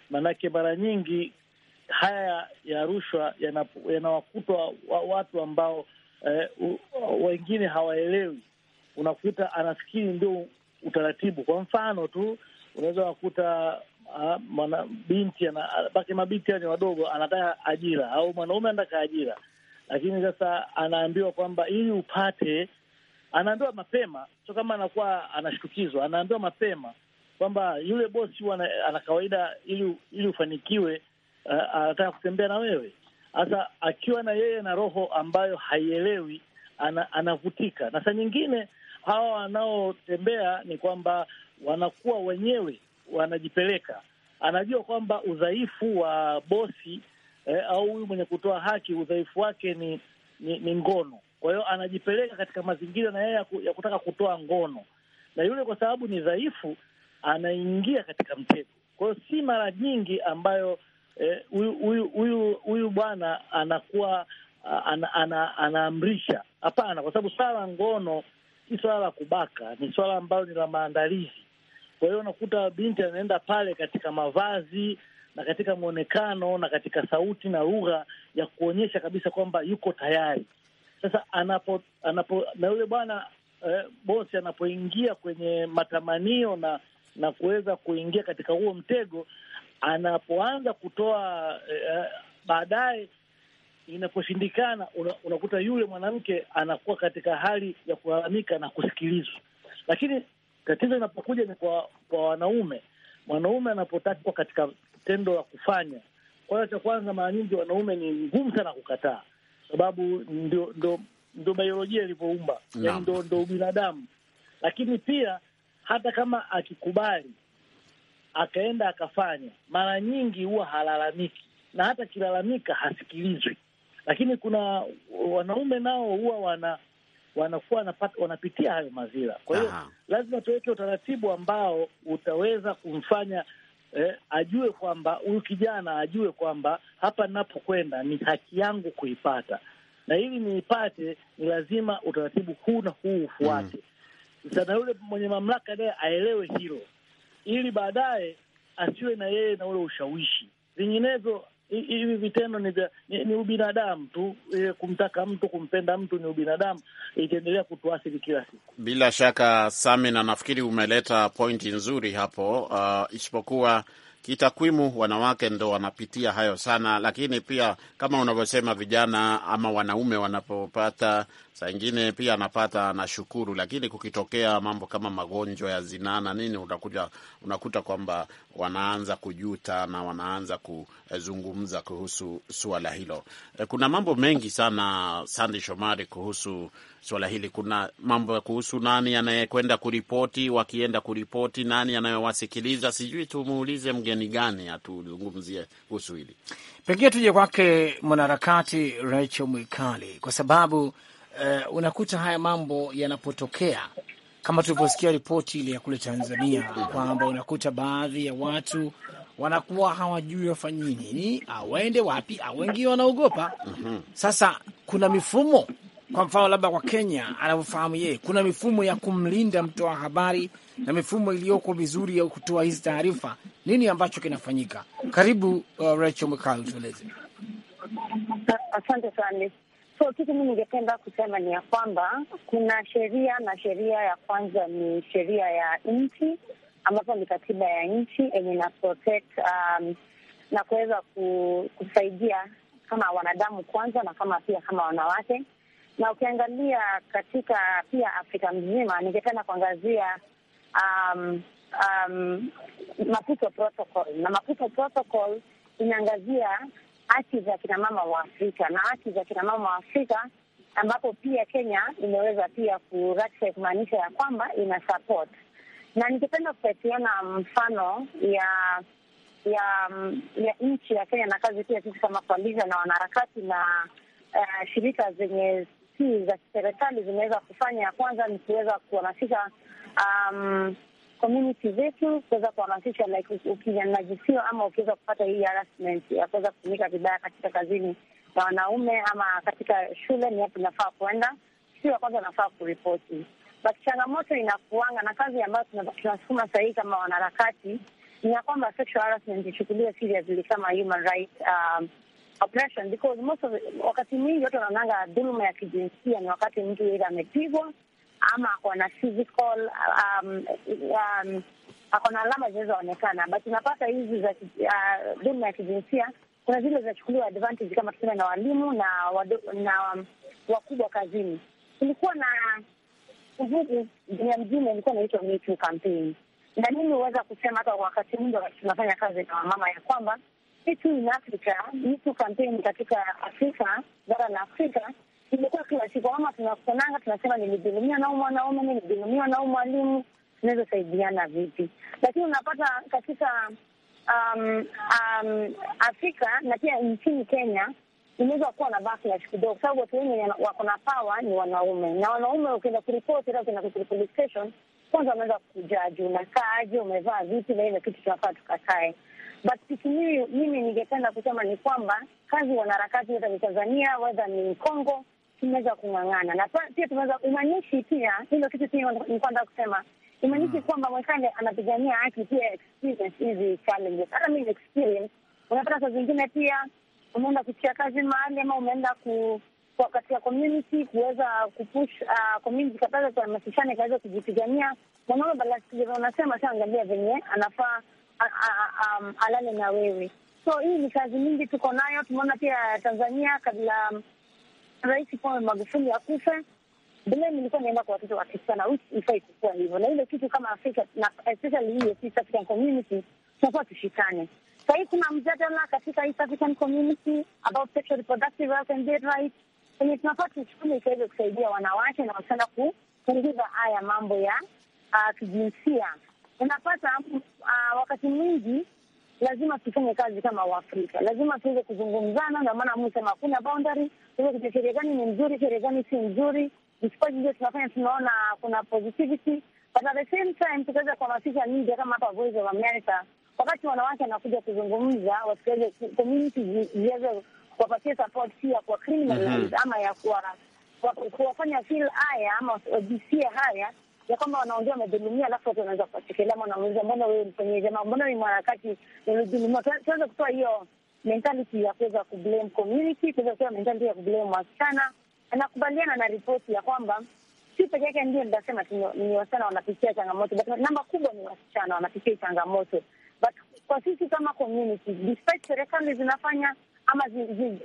maanake mara nyingi haya ya rushwa yanawakutwa wa, watu ambao eh, wengine hawaelewi. Unakuta anafikiri ndio utaratibu. Kwa mfano tu unaweza wakuta mwanabinti ah, mwana binti anabaki, mabinti ni wadogo, anataka ajira au mwanaume anataka ajira, lakini sasa anaambiwa kwamba ili upate, anaambiwa mapema, sio kama anakuwa anashtukizwa, anaambiwa mapema kwamba yule bosi ana kawaida, ili ili ufanikiwe, uh, anataka kutembea na wewe. Sasa akiwa na yeye na roho ambayo haielewi, anavutika ana. Na saa nyingine hawa wanaotembea ni kwamba wanakuwa wenyewe wanajipeleka, anajua kwamba udhaifu wa bosi eh, au huyu mwenye kutoa haki udhaifu wake ni, ni, ni ngono. Kwa hiyo anajipeleka katika mazingira na yeye ya kutaka kutoa ngono, na yule kwa sababu ni dhaifu anaingia katika mtego. Kwa hiyo si mara nyingi ambayo eh, huyu eh, bwana anakuwa anaamrisha ana, ana hapana, kwa sababu swala la ngono si swala la kubaka, ni swala ambalo ni la maandalizi. Kwa hiyo unakuta binti anaenda pale katika mavazi na katika mwonekano na katika sauti na lugha ya kuonyesha kabisa kwamba yuko tayari. Sasa anapo, anapo na yule bwana eh, bosi anapoingia kwenye matamanio na na kuweza kuingia katika huo mtego, anapoanza kutoa eh, baadaye inaposhindikana, una, unakuta yule mwanamke anakuwa katika hali ya kulalamika na kusikilizwa, lakini Tatizo inapokuja ni kwa kwa wanaume, mwanaume anapotakwa katika tendo la kufanya. Kwa hiyo cha kwanza, mara nyingi wanaume ni ngumu sana kukataa, sababu ndio ndio ndio biolojia ilivyoumba, yaani ndio ndio ubinadamu. Lakini pia hata kama akikubali akaenda akafanya, mara nyingi huwa halalamiki, na hata akilalamika hasikilizwi. Lakini kuna wanaume nao huwa wana wanakuwa wanapitia hayo mazira. Kwa hiyo lazima tuweke utaratibu ambao utaweza kumfanya eh, ajue kwamba huyu kijana ajue kwamba hapa ninapokwenda ni haki yangu kuipata, na ili niipate ni lazima utaratibu huu na huu ufuate. Mm. Sana yule mwenye mamlaka naye aelewe hilo, ili baadaye asiwe na yeye na ule ushawishi, vinginevyo hivi vitendo ni, ni, ni ubinadamu tu e, kumtaka mtu kumpenda mtu ni ubinadamu, itaendelea kutuathiri kila siku bila shaka. Sami, na nafikiri umeleta pointi nzuri hapo. Uh, isipokuwa kitakwimu, wanawake ndo wanapitia hayo sana, lakini pia kama unavyosema, vijana ama wanaume wanapopata saa ingine pia anapata nashukuru, lakini kukitokea mambo kama magonjwa ya zinaa na nini, utakuja unakuta kwamba wanaanza kujuta na wanaanza kuzungumza kuhusu suala hilo. Eh, kuna mambo mengi sana, Sandi Shomari, kuhusu suala hili. Kuna mambo kuhusu nani anayekwenda kuripoti, wakienda kuripoti, nani anayewasikiliza. Sijui tumuulize mgeni gani atuzungumzie kuhusu hili. Pengine tuje kwake mwanaharakati Rachel Mwikali kwa sababu uh, unakuta haya mambo yanapotokea kama tulivyosikia ripoti ile ya kule Tanzania kwamba unakuta baadhi ya watu wanakuwa hawajui wafanye nini, waende wapi, au wengine wanaogopa. Sasa kuna mifumo, kwa mfano labda kwa Kenya anavyofahamu yeye, kuna mifumo ya kumlinda mtoa habari na mifumo iliyoko vizuri ya kutoa hizi taarifa. Nini ambacho kinafanyika? Karibu uh, Rachel Mkali, tueleze. Asante sana. So kitu mi ningependa kusema ni ya kwamba kuna sheria, na sheria ya kwanza ni sheria ya nchi, ambapo ni katiba ya nchi yenye na protect um, na kuweza kusaidia kama wanadamu kwanza, na kama pia kama wanawake. Na ukiangalia katika pia Afrika mzima, ningependa kuangazia um, um, Maputo Protocol, na Maputo Protocol inaangazia haki za kinamama wa Afrika na haki za kinamama wa Afrika, ambapo pia Kenya imeweza pia kuratify kumaanisha ya kwamba ina support, na ningependa kupatiana mfano ya ya ya nchi ya Kenya na kazi pia sisi kama koaliza na wanaharakati na uh, shirika zenye si za kiserikali zimeweza kufanya. Ya kwanza ni kuweza kuhamasisha um, community zetu kuweza kuhamasisha like, ukinajisiwa ama ukiweza kupata hii harassment ya kuweza kutumika vibaya katika kazini na wanaume ama katika shule, ni hapo inafaa kuenda, sio kwanza nafaa kuripoti. But changamoto inakuanga na kazi ambayo tunasukuma sahii kama wanaharakati ni ya kwamba sexual harassment ichukuliwe seriously kama human um, oppression because most of, wakati mwingi watu wanaonanga dhuluma ya kijinsia ni wakati mtu ile amepigwa ama akona physical um, um, akona alama zinazoonekana, bat unapata hizi za dhuluma uh, ya kijinsia. Kuna zile zinachukuliwa advantage kama tuseme na walimu na na um, wakubwa kazini. Kulikuwa na uvugu dunia mzima ilikuwa inaitwa Me Too campaign, na mimi huweza kusema hata wakati mwingi wakati tunafanya kazi na wamama ya kwamba Me Too in Africa, Me Too campaign katika Afrika, bara la Afrika imekuwa kila siku, ama tunakutananga tunasema, nilidhulumiwa na huyu mwanaume, nilidhulumiwa na huyu mwalimu, tunaweza saidiana vipi? Lakini unapata katika um, um, Afrika na pia nchini Kenya inaweza kuwa na backlash kidogo, kwa sababu watu wengi wako na power ni wanaume, na wanaume ukienda kuripoti, hata ukienda police station, kwanza wanaweza kujaji, unakaaje, umevaa vipi, na ile kitu tunafaa tukakae but mimi ningependa kusema ni kwamba kazi wanaharakati, wedha ni Tanzania, wedha ni Kongo, tumeweza kung'ang'ana na pia tumeweza umanishi Pia hilo kitu pia ni kwanza kusema imanishi mm. kwamba Mwekande anapigania haki, pia experience hizi challenges. Hata mi experience, unapata saa zingine pia umeenda kutia kazi mahali ama umeenda ku kwa katika community kuweza kupush uh, community kataza tuhamasishane ikaweza kujipigania. Mwanaume balaa unasema sa, angalia venye anafaa alale na wewe. So hii ni kazi mingi tuko nayo. Tumeona pia Tanzania kabla Rais Pombe Magufuli akufe, blame nilikuwa naenda kwa watoto wa kisichana, which ifai kukua hivyo. Na ile kitu kama Afrika na especially hii East African community, tunakuwa tushikane. Saa hii kuna mjadala katika East African community about sexual reproductive health and gay rights, kwenye tunafaa tuchukue ikaweze kusaidia wanawake na wasichana kupunguza haya mambo ya ah, kijinsia. Unapata ah, wakati mwingi lazima tufanye kazi kama Waafrika, lazima tuweze kuzungumzana. Ndio maana Musa hakuna boundary, tuweze kujua sheria gani ni nzuri, sheria gani si nzuri. Despite hiyo tunafanya tunaona kuna positivity, but at the same time tukaweza kuhamasisha media kama hapa Voice of America, wakati wanawake wanakuja kuzungumza, wasiweze community ziweze kuwapatia support, si ya kuwa criminalize mhm. ama ya kuwa kuwafanya feel haya ama wajisikie haya ya kwamba wanaongea wamedhulumia, alafu watu wanaweza kuwachekelea ama wanauliza mbona wewe mfanyie jamaa, mbona ni mwanaharakati umedhulumiwa. Tunaweza kutoa hiyo mentality ya kuweza kublame community, tunaweza kutoa mentality ya kublame wasichana. Anakubaliana na ripoti ya kwamba si peke yake ndio nitasema ni wasichana wanapitia changamoto, but namba kubwa ni wasichana wanapitia changamoto, but kwa sisi kama community, despite serikali zinafanya ama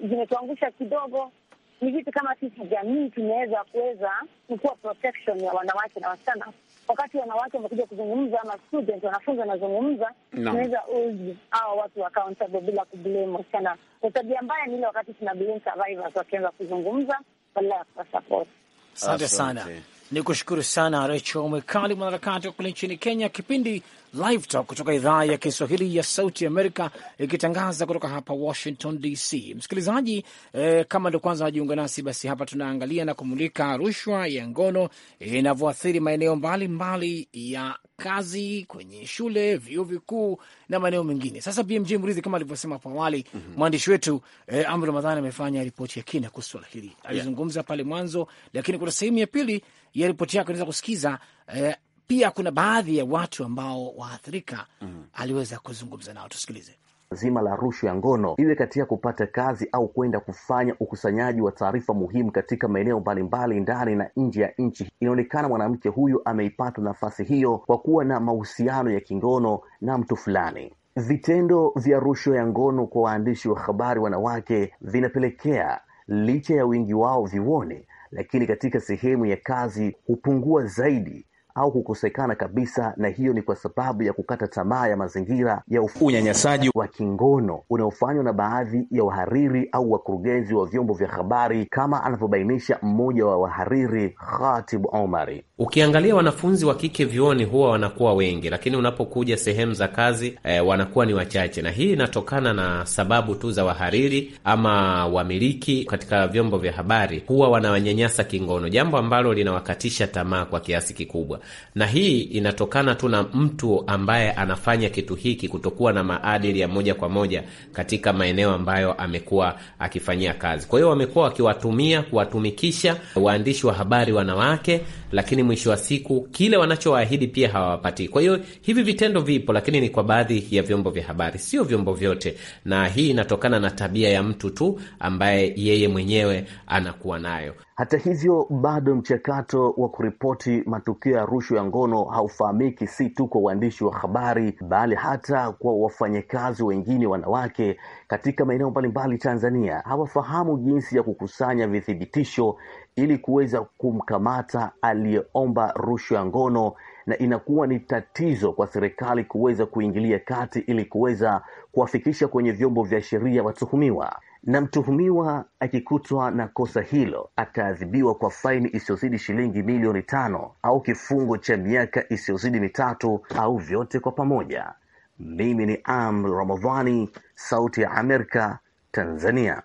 zimetuangusha zi, zi, zi kidogo ni vipi kama sisi jamii tunaweza kuweza kukua protection ya wanawake na wasichana, wakati wanawake wamekuja kuzungumza ama student wanafunzi wanazungumza, tunaweza uji watu accountable bila kublame wasichana. Tabia mbaya ni ile wakati tuna blame survivors, wakianza kuzungumza badala ya kuwa Asante sana, ni kushukuru sana Rachel mwanarakati mwanaharakati wa kule nchini Kenya, kipindi Live Talk kutoka idhaa ya Kiswahili ya Sauti Amerika, ikitangaza kutoka hapa Washington DC. Msikilizaji eh, kama ndo kwanza wajiunga nasi, basi hapa tunaangalia na kumulika rushwa ya ngono inavyoathiri eh, maeneo mbalimbali ya kazi, kwenye shule, vyuo vikuu na maeneo mengine. Sasa BMJ Mridhi, kama alivyosema hapo awali mhm. mwandishi mm -hmm. wetu eh, Amri Ramadhani amefanya ripoti ya kina kuhusu swala hili, alizungumza yeah. pale mwanzo, lakini kuna sehemu ya pili ya ripoti yake unaweza kusikiza eh, pia kuna baadhi ya watu ambao waathirika mm. aliweza kuzungumza nao, tusikilize. Zima la rushwa ya ngono iwe katika kupata kazi au kwenda kufanya ukusanyaji wa taarifa muhimu katika maeneo mbalimbali ndani na nje ya nchi. Inaonekana mwanamke huyu ameipata nafasi hiyo kwa kuwa na mahusiano ya kingono na mtu fulani. Vitendo vya rushwa ya ngono kwa waandishi wa habari wanawake vinapelekea licha ya wingi wao viwone, lakini katika sehemu ya kazi hupungua zaidi au kukosekana kabisa, na hiyo ni kwa sababu ya kukata tamaa ya mazingira ya unyanyasaji wa kingono unaofanywa na baadhi ya wahariri au wakurugenzi wa vyombo vya habari, kama anavyobainisha mmoja wa wahariri Khatib Omari. Ukiangalia wanafunzi wa kike vyuoni huwa wanakuwa wengi, lakini unapokuja sehemu za kazi eh, wanakuwa ni wachache, na hii inatokana na sababu tu za wahariri ama wamiliki katika vyombo vya habari huwa wanawanyanyasa kingono, jambo ambalo linawakatisha tamaa kwa kiasi kikubwa na hii inatokana tu na mtu ambaye anafanya kitu hiki kutokuwa na maadili ya moja kwa moja katika maeneo ambayo amekuwa akifanyia kazi. Kwa hiyo wamekuwa wakiwatumia kuwatumikisha waandishi wa habari wanawake, lakini mwisho wa siku kile wanachowaahidi pia hawawapatii. Kwa hiyo hivi vitendo vipo, lakini ni kwa baadhi ya vyombo vya habari, sio vyombo vyote, na hii inatokana na tabia ya mtu tu ambaye yeye mwenyewe anakuwa nayo. Hata hivyo bado mchakato wa kuripoti matukio ya rushwa ya ngono haufahamiki si tu kwa waandishi wa habari bali hata kwa wafanyakazi wengine wanawake katika maeneo mbalimbali Tanzania. Hawafahamu jinsi ya kukusanya vithibitisho ili kuweza kumkamata aliyeomba rushwa ya ngono, na inakuwa ni tatizo kwa serikali kuweza kuingilia kati ili kuweza kuwafikisha kwenye vyombo vya sheria watuhumiwa na mtuhumiwa akikutwa na kosa hilo ataadhibiwa kwa faini isiyozidi shilingi milioni tano au kifungo cha miaka isiyozidi mitatu au vyote kwa pamoja. Mimi ni Amr Ramadhani, Sauti ya Amerika, Tanzania.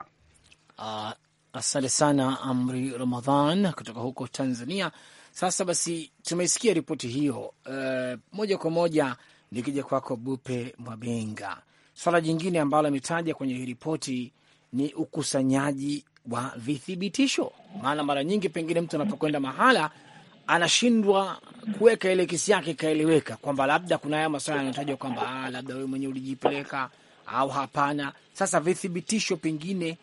Uh, asante sana Amri Ramadhan kutoka huko Tanzania. Sasa basi, tumeisikia ripoti hiyo. Uh, moja kwa moja nikija kwako Bupe Mwabenga, swala jingine ambalo ametaja kwenye hii ripoti ni ukusanyaji wa vithibitisho, maana mara nyingi pengine mtu anapokwenda mahala anashindwa kuweka ile kesi yake ikaeleweka, kwamba labda kuna haya maswala yanatajwa kwamba ah, labda wewe mwenyewe ulijipeleka au hapana. Sasa vithibitisho pengine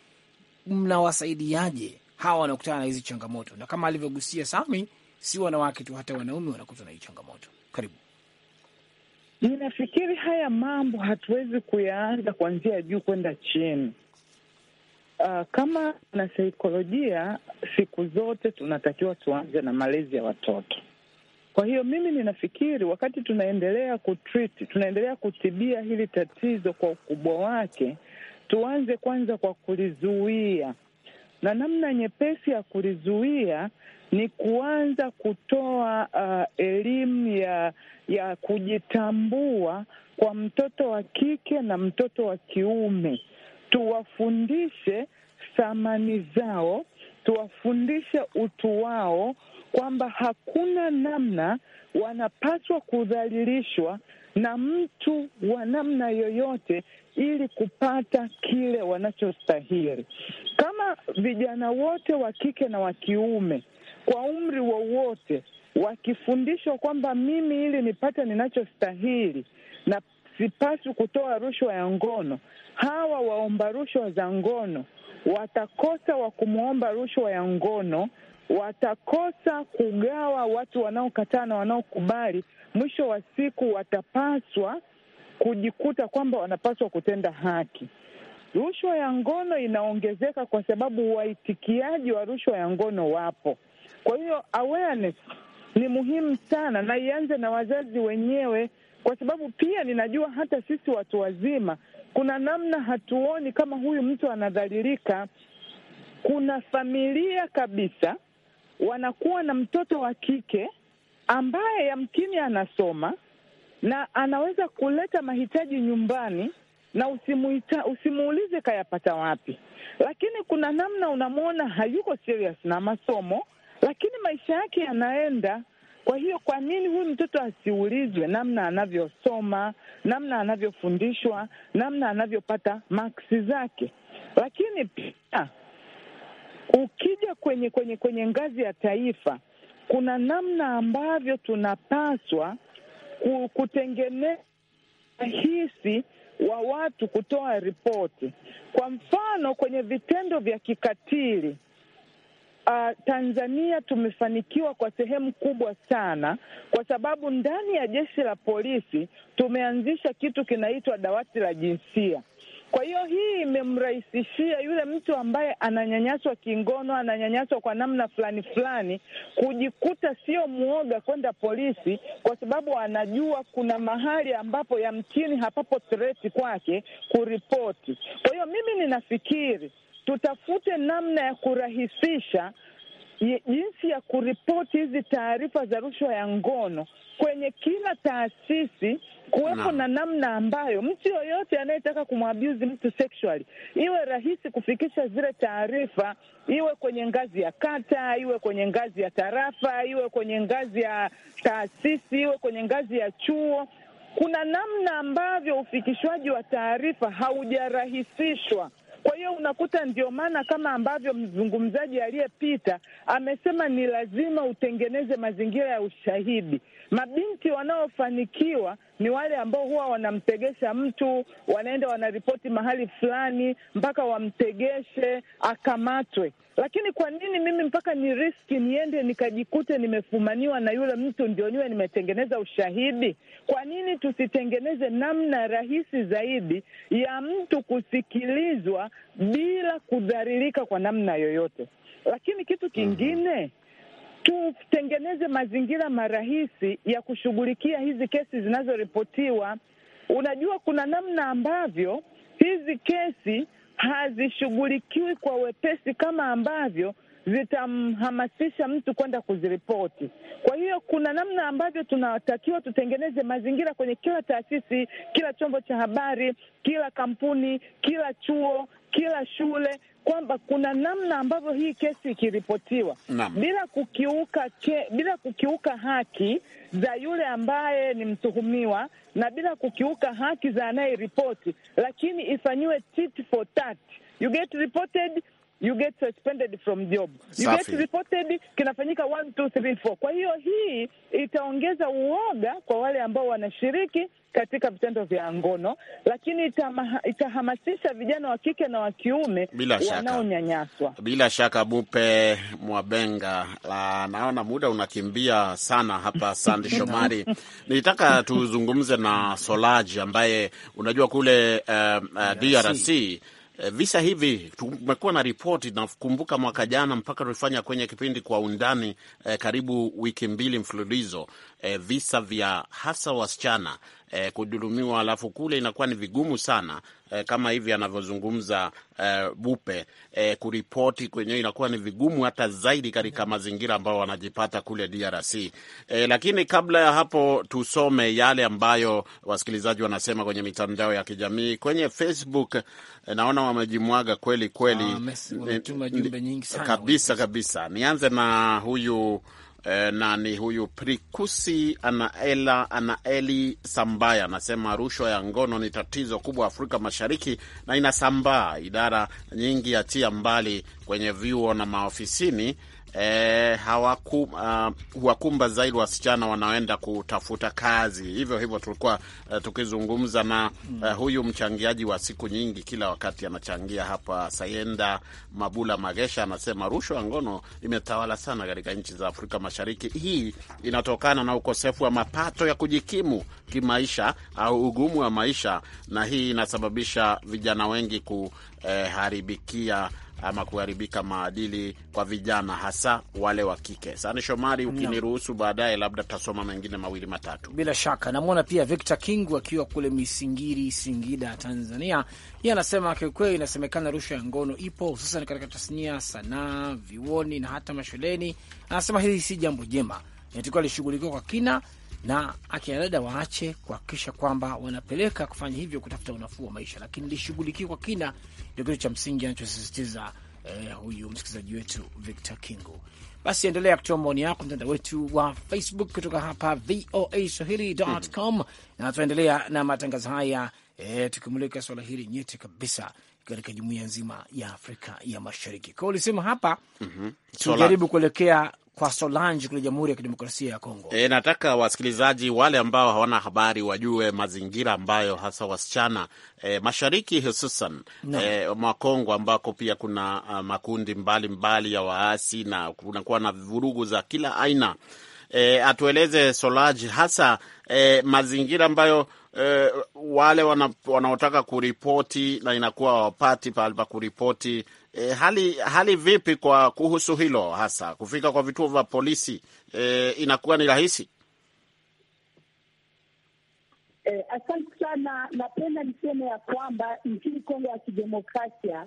mnawasaidiaje hawa wanakutana na hizi changamoto? Na kama alivyogusia Sami, si wanawake tu, hata wanaume wanakutana na hii changamoto. Karibu. Ninafikiri haya mambo hatuwezi kuyaanza kuanzia juu kwenda chini. Uh, kama na saikolojia siku zote tunatakiwa tuanze na malezi ya watoto. Kwa hiyo mimi ninafikiri wakati tunaendelea kutreat, tunaendelea kutibia hili tatizo kwa ukubwa wake, tuanze kwanza kwa kulizuia, na namna nyepesi ya kulizuia ni kuanza kutoa uh, elimu ya ya kujitambua kwa mtoto wa kike na mtoto wa kiume tuwafundishe thamani zao, tuwafundishe utu wao, kwamba hakuna namna wanapaswa kudhalilishwa na mtu wa namna yoyote ili kupata kile wanachostahili. Kama vijana wote wa kike na wa kiume kwa umri wowote wakifundishwa kwamba mimi ili nipate ninachostahili na sipaswi kutoa rushwa ya ngono, hawa waomba rushwa za ngono watakosa wa kumwomba rushwa ya ngono, watakosa kugawa watu wanaokataa na wanaokubali. Mwisho wa siku watapaswa kujikuta kwamba wanapaswa kutenda haki. Rushwa ya ngono inaongezeka kwa sababu waitikiaji wa rushwa ya ngono wapo. Kwa hiyo awareness ni muhimu sana, na ianze na wazazi wenyewe, kwa sababu pia ninajua hata sisi watu wazima kuna namna hatuoni kama huyu mtu anadhalilika. Kuna familia kabisa wanakuwa na mtoto wa kike ambaye yamkini anasoma na anaweza kuleta mahitaji nyumbani na usimuita, usimuulize kayapata wapi, lakini kuna namna unamwona hayuko serious na masomo, lakini maisha yake yanaenda kwa hiyo kwa nini huyu mtoto asiulizwe namna anavyosoma, namna anavyofundishwa, namna anavyopata maksi zake? Lakini pia ukija kwenye kwenye kwenye ngazi ya taifa, kuna namna ambavyo tunapaswa kutengeneza hisi wa watu kutoa ripoti. Kwa mfano, kwenye vitendo vya kikatili uh, Tanzania tumefanikiwa kwa sehemu kubwa sana, kwa sababu ndani ya jeshi la polisi tumeanzisha kitu kinaitwa dawati la jinsia. Kwa hiyo hii imemrahisishia yule mtu ambaye ananyanyaswa kingono, ananyanyaswa kwa namna fulani fulani, kujikuta sio mwoga kwenda polisi, kwa sababu anajua kuna mahali ambapo yamkini hapapo threat kwake kuripoti. Kwa hiyo mimi ninafikiri tutafute namna ya kurahisisha jinsi ya kuripoti hizi taarifa za rushwa ya ngono kwenye kila taasisi, kuwepo na namna ambayo mtu yoyote anayetaka kumwabuzi mtu sexually iwe rahisi kufikisha zile taarifa, iwe kwenye ngazi ya kata, iwe kwenye ngazi ya tarafa, iwe kwenye ngazi ya taasisi, iwe kwenye ngazi ya chuo. Kuna namna ambavyo ufikishwaji wa taarifa haujarahisishwa kwa hiyo unakuta ndio maana kama ambavyo mzungumzaji aliyepita amesema ni lazima utengeneze mazingira ya ushahidi. Mabinti wanaofanikiwa ni wale ambao huwa wanamtegesha mtu, wanaenda wanaripoti mahali fulani mpaka wamtegeshe akamatwe. Lakini kwa nini mimi mpaka ni riski niende nikajikute nimefumaniwa na yule mtu ndio niwe nimetengeneza ushahidi? Kwa nini tusitengeneze namna rahisi zaidi ya mtu kusikilizwa bila kudharirika kwa namna yoyote? Lakini kitu kingine mm -hmm tutengeneze mazingira marahisi ya kushughulikia hizi kesi zinazoripotiwa. Unajua, kuna namna ambavyo hizi kesi hazishughulikiwi kwa wepesi kama ambavyo zitamhamasisha mtu kwenda kuziripoti. Kwa hiyo kuna namna ambavyo tunatakiwa tutengeneze mazingira kwenye kila taasisi, kila chombo cha habari, kila kampuni, kila chuo, kila shule kwamba kuna namna ambavyo hii kesi ikiripotiwa bila kukiuka ke, bila kukiuka haki za yule ambaye ni mtuhumiwa na bila kukiuka haki za anayeripoti, lakini ifanyiwe tit for tat. You get reported you get suspended from job, you get reported, kinafanyika one Kwa hiyo hii itaongeza uoga kwa wale ambao wanashiriki katika vitendo vya ngono, lakini itama, itahamasisha vijana wa kike na wa kiume wanaonyanyaswa. Bila shaka, mupe Mwabenga, naona muda unakimbia sana hapa. Sande Shomari, nilitaka tuzungumze na Solaji ambaye unajua kule uh, uh, DRC Eh, visa hivi tumekuwa na ripoti, nakumbuka mwaka jana mpaka tulifanya kwenye kipindi kwa undani eh, karibu wiki mbili mfululizo eh, visa vya hasa wasichana eh, kudhulumiwa, alafu kule inakuwa ni vigumu sana eh, kama hivi anavyozungumza eh, Bupe eh, kuripoti kwenye, inakuwa ni vigumu hata zaidi katika mazingira ambayo wanajipata kule DRC. Eh, lakini kabla ya hapo tusome yale ambayo wasikilizaji wanasema kwenye mitandao ya kijamii kwenye Facebook. Eh, naona wamejimwaga kweli kweli, ah, kabisa kabisa. Nianze na huyu Eh, na ni huyu Prikusi Anaela Anaeli Sambaya anasema rushwa ya ngono ni tatizo kubwa Afrika Mashariki na inasambaa, idara nyingi yatia mbali kwenye vyuo na maofisini eh, ah, huwakumba uh, zaidi wasichana wanaoenda kutafuta kazi. Hivyo hivyo tulikuwa uh, tukizungumza na uh, huyu mchangiaji wa siku nyingi, kila wakati anachangia hapa, Sayenda Mabula Magesha, anasema rushwa ngono imetawala sana katika nchi za Afrika Mashariki. Hii inatokana na ukosefu wa mapato ya kujikimu kimaisha au ugumu wa maisha, na hii inasababisha vijana wengi kuharibikia eh, ama kuharibika maadili kwa vijana, hasa wale wa kike. Sande Shomari, ukiniruhusu baadaye, labda tasoma mengine mawili matatu. Bila shaka namwona pia Victor king akiwa kule Misingiri, Singida, Tanzania. Yeye anasema kiukweli, inasemekana rushwa ya ngono ipo hususan katika tasnia, sanaa, vioni na hata mashuleni. Anasema hili si jambo jema, inatakiwa yaani lishughulikiwa kwa kina na akina dada waache kuhakikisha kwamba wanapeleka kufanya hivyo kutafuta unafuu wa maisha, lakini lishughulikiwa kwa kina, ndio kitu cha msingi anachosisitiza eh, huyu msikilizaji wetu Victor Kingu. Basi endelea kutoa maoni yako mtandao wetu wa Facebook kutoka hapa VOA Swahili.com na tunaendelea na matangazo haya eh, tukimulika swala hili nyeti kabisa katika jumuia nzima ya Afrika ya Mashariki. Kwa hiyo ulisema hapa mm -hmm. tujaribu kuelekea kwa Solange kule Jamhuri ya Kidemokrasia ya Kongo. E, nataka wasikilizaji wale ambao hawana habari wajue mazingira ambayo hasa wasichana e, mashariki hususan no. e, mwa Kongo ambako pia kuna uh, makundi mbalimbali mbali ya waasi na kunakuwa na vurugu za kila aina. E, atueleze Solange hasa e, mazingira ambayo e, wale wana, wanaotaka kuripoti na inakuwa wapati pahali pa kuripoti E, hali hali vipi kwa kuhusu hilo hasa kufika kwa vituo vya polisi e, inakuwa ni rahisi? E, asante sana. Napenda niseme ya kwamba nchini Kongo ya Kidemokrasia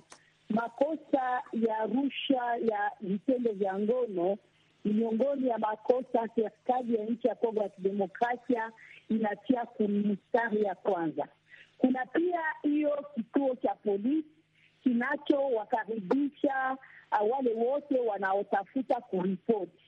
makosa ya rushwa ya vitendo vya ngono ni miongoni ya makosa serikali ya nchi ya Kongo ya Kidemokrasia inatia kumistari ya kwanza. Kuna pia hiyo kituo cha polisi kinachowakaribisha uh, wale wote wanaotafuta kuripoti.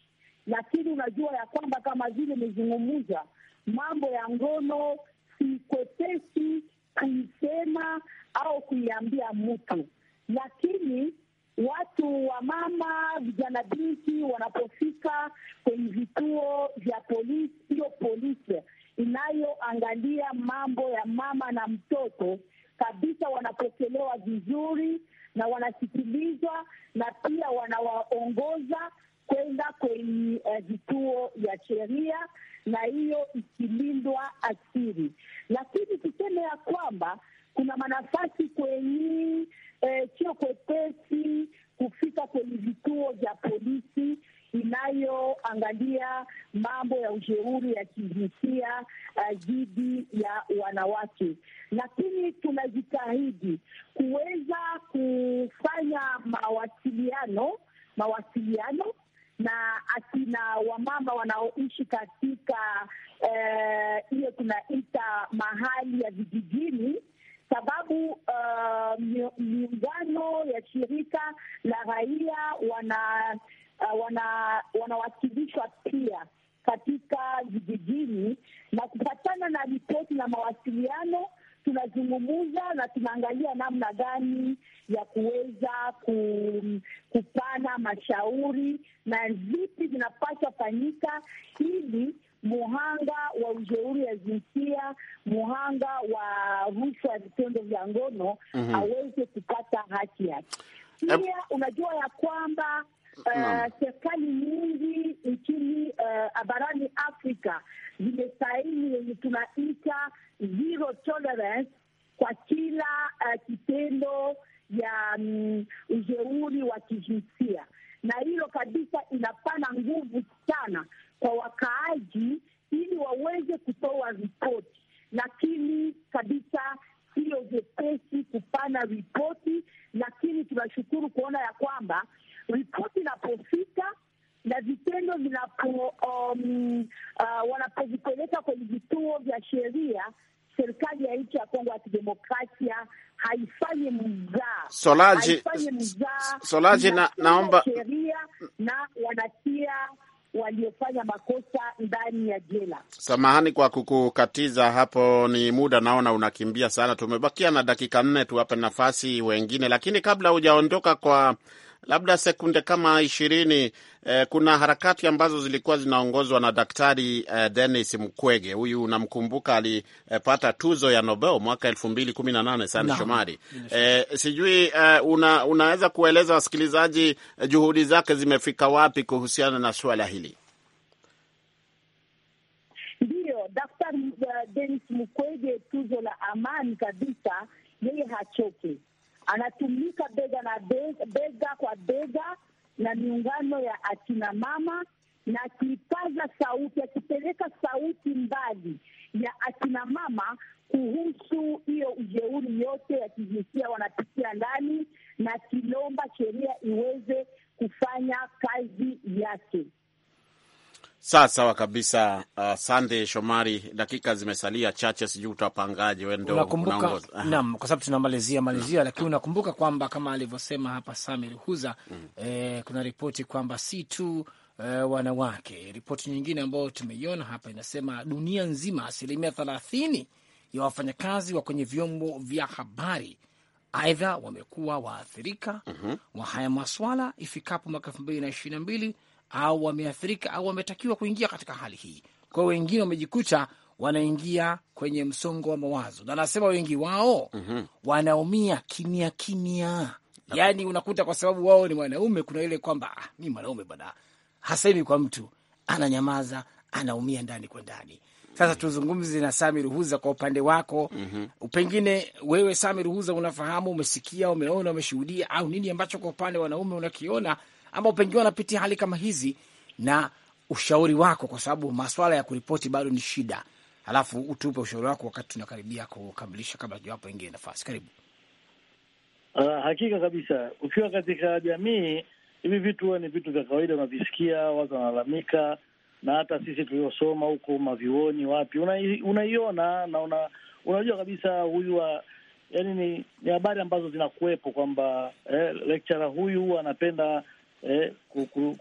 Lakini unajua ya kwamba kama vile imezungumuza, mambo ya ngono si kwepesi kuisema au kuiambia mtu, lakini watu wa mama vijana binti wanapofika kwenye vituo vya polisi, hiyo polisi inayoangalia mambo ya mama na mtoto kabisa, wanapokelewa vizuri na wanasikilizwa na pia wanawaongoza kwenda kwenye eh, vituo vya ya sheria, na hiyo ikilindwa asiri. Lakini tuseme ya kwamba kuna manafasi kwenye eh, sio eh, kwepesi kufika kwenye vituo vya polisi inayoangalia mambo ya ushauri ya kijinsia eh, dhidi uh, ya wanawake, lakini tunajitahidi kuweza kufanya mawasiliano mawasiliano na akina wamama wanaoishi katika hiyo uh, eh, tunaita mahali ya vijijini, sababu uh, miungano ya shirika la raia wana Eh, wana, wanawakilishwa pia katika vijijini, na kupatana na ripoti na mawasiliano tunazungumuza na tunaangalia namna gani ya kuweza kupana mashauri na vipi vinapaswa fanyika ili muhanga wa ujeuri ya jinsia, muhanga wa rushwa ya vitendo vya ngono mm -hmm. aweze kupata haki yake. Eh, pia unajua ya kwamba Eh, serikali uh, nyingi nchini uh, barani Afrika zimesaini yenye tunaita zero tolerance kwa kila uh, kitendo ya um, ujeuri wa kijinsia, na hilo kabisa inapana nguvu sana kwa wakaaji ili waweze kutoa ripoti, lakini kabisa siyo vyepesi kupana ripoti, lakini tunashukuru kuona ya kwamba ripoti inapofika na vitendo vinapo um, uh, wanapozipeleka kwenye vituo vya sheria, serikali ya nchi ya Kongo ya Kidemokrasia haifanyi mzaa. Solaji, Solaji, na, naomba sheria na wanatia waliofanya makosa ndani ya jela. Samahani kwa kukukatiza hapo, ni muda naona unakimbia sana. Tumebakia na dakika nne tuwape nafasi wengine, lakini kabla hujaondoka kwa labda sekunde kama ishirini. Eh, kuna harakati ambazo zilikuwa zinaongozwa na Daktari eh, Denis mkwege Huyu unamkumbuka, alipata eh, tuzo ya Nobel mwaka elfu mbili kumi na nane sana Shomari. Eh, sijui eh, una, unaweza kueleza wasikilizaji eh, juhudi zake zimefika wapi kuhusiana na suala hili? Ndiyo, Daktari uh, eh, Denis Mkwege, tuzo la amani kabisa, yeye hachoki anatumika bega na bega, bega kwa bega na miungano ya akina mama na akiipaza sauti, akipeleka sauti mbali ya akina mama kuhusu hiyo ujeuri yote ya kijinsia wanapitia ndani, na kilomba sheria iweze kufanya kazi yake. Sawa sawa kabisa. Uh, Sande Shomari, dakika zimesalia chache, sijui utapangaje wewe, ndio Naam, kwa sababu tunamalizia malizia, lakini unakumbuka kwamba kama alivyosema hapa Samir Huza mm. eh, kuna ripoti kwamba si tu eh, wanawake. Ripoti nyingine ambayo tumeiona hapa inasema dunia nzima asilimia thelathini ya wafanyakazi wa kwenye vyombo vya habari aidha wamekuwa waathirika mm -hmm. wa haya maswala ifikapo mwaka elfu mbili na ishirini na mbili au wameathirika au wametakiwa kuingia katika hali hii. Kwa hiyo wengine wamejikuta wanaingia kwenye msongo wa mawazo, na anasema wengi wao mm -hmm. wanaumia kimya kimya, yaani unakuta kwa sababu wao ni wanaume, kuna ile kwamba ah, mi mwanaume bwana, hasemi kwa mtu, ananyamaza, anaumia ndani kwa ndani. Sasa tuzungumze na Sami Ruhuza kwa upande wako. mm -hmm. Pengine wewe Sami Ruhuza unafahamu, umesikia, umeona, umeshuhudia au nini ambacho kwa upande wanaume unakiona ambao pengine wanapitia hali kama hizi, na ushauri wako, kwa sababu maswala ya kuripoti bado ni shida, alafu utupe ushauri wako wakati tunakaribia kukamilisha, kabla jawapo ingie nafasi. Karibu. Uh, hakika kabisa, ukiwa katika jamii hivi vitu huwa ni vitu vya kawaida, unavisikia watu wanalalamika, na hata sisi tuliosoma huko mavioni wapi, unaiona na una, unajua kabisa huyu wa, yani ni habari ambazo zinakuwepo kwamba eh, lecturer huyu anapenda eh,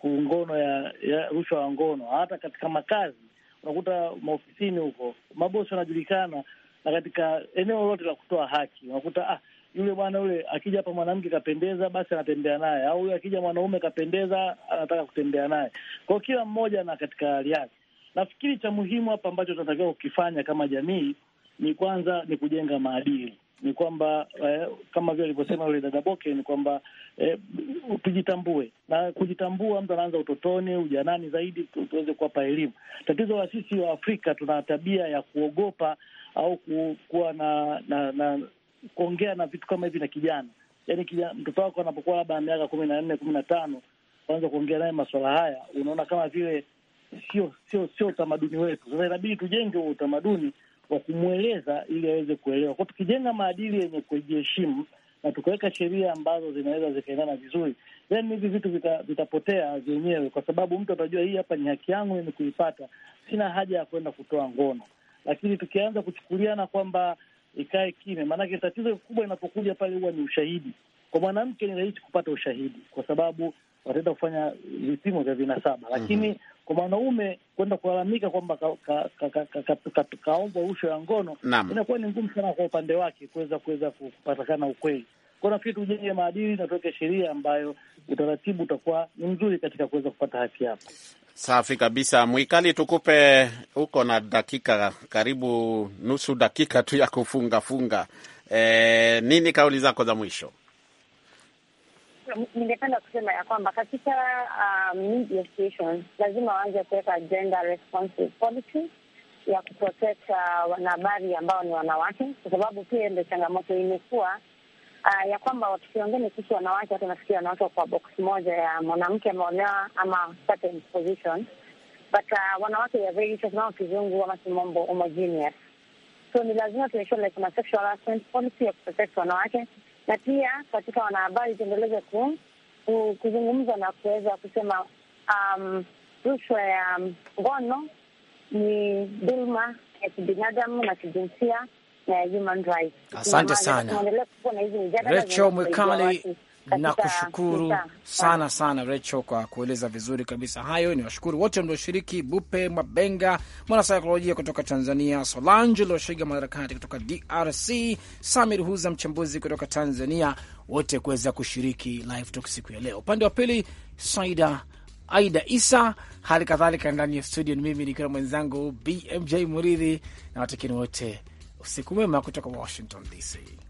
kungono ya, ya rushwa ya ngono. Hata katika makazi unakuta maofisini huko mabosi wanajulikana, na katika eneo lote la kutoa haki unakuta ah, yule bwana yule akija hapa mwanamke kapendeza, basi anatembea naye, au yule akija mwanaume kapendeza, anataka kutembea naye. Kwa hiyo kila mmoja na katika hali yake. Nafikiri cha muhimu hapa ambacho tunatakiwa kukifanya kama jamii ni kwanza ni kujenga maadili ni kwamba eh, kama vile alivyosema yule dada Boke ni kwamba eh, tujitambue, na kujitambua mtu anaanza utotoni, ujanani zaidi tuweze kuwapa elimu. Tatizo la sisi wa Afrika tuna tabia ya kuogopa au kuwa na, na, na kuongea na vitu kama hivi na kijana, yaani mtoto wako anapokuwa labda na miaka kumi na nne kumi na tano kwanza kuongea naye masuala haya, unaona kama vile sio sio sio utamaduni wetu. Sasa inabidi tujenge huo utamaduni wa kumweleza ili aweze kuelewa. Kwa tukijenga maadili yenye kujiheshimu na tukaweka sheria ambazo zinaweza zikaendana vizuri, then hivi vitu vita, vitapotea vyenyewe, kwa sababu mtu atajua hii hapa ni haki yangu, ni kuipata, sina haja ya kwenda kutoa ngono. Lakini tukianza kuchukuliana kwamba ikae kime, maanake tatizo kubwa inapokuja pale huwa ni ushahidi. Kwa mwanamke ni rahisi kupata ushahidi, kwa sababu wataenda kufanya vipimo vya vinasaba, lakini mm -hmm kwa mwanaume kwenda kulalamika kwamba kaombwa usho ya ngono, inakuwa ni ngumu sana kwa upande wake kuweza kuweza kupatikana ukweli. Kwa nafikiri tujenge maadili na tuweke sheria ambayo utaratibu utakuwa ni mzuri katika kuweza kupata haki yako. Safi kabisa, Mwikali, tukupe huko na dakika karibu nusu dakika tu ya kufunga funga. E, nini kauli zako za mwisho? ningependa kusema ya kwamba katika um, media stations lazima waanze kuweka gender responsive policy ya kuprotect uh, wanahabari ambao ni wanawake, kwa sababu pia ndio changamoto imekuwa uh, ya kwamba tukiongeni kuhusu wanawake, watu nafikiri wanawake kwa box moja ya mwanamke ameolewa ama certain position, but uh, wanawake are very tunao kizungu ama kimombo homogeneous, so ni lazima tuensure like kuna sexual harassment policy ya kuprotect wanawake na pia katika wanahabari tuendeleze ku, ku, kuzungumza na kuweza kusema um, rushwa ya ngono ni dhuluma ya kibinadamu na kijinsia na ya human rights. Asante sana Rachel Mwikali. Nakushukuru sana sana Recho kwa kueleza vizuri kabisa hayo. Ni washukuru wote mlioshiriki, Bupe Mabenga mwanasaikolojia kutoka Tanzania, Solange Loshiga mwanaharakati kutoka DRC, Samir Huza mchambuzi kutoka Tanzania, wote kuweza kushiriki live talk siku ya leo. Upande wa pili Saida Aida Isa, hali kadhalika ndani ya studio ni mimi nikiwa mwenzangu BMJ Muridhi na watakini wote usiku mwema kutoka Washington DC.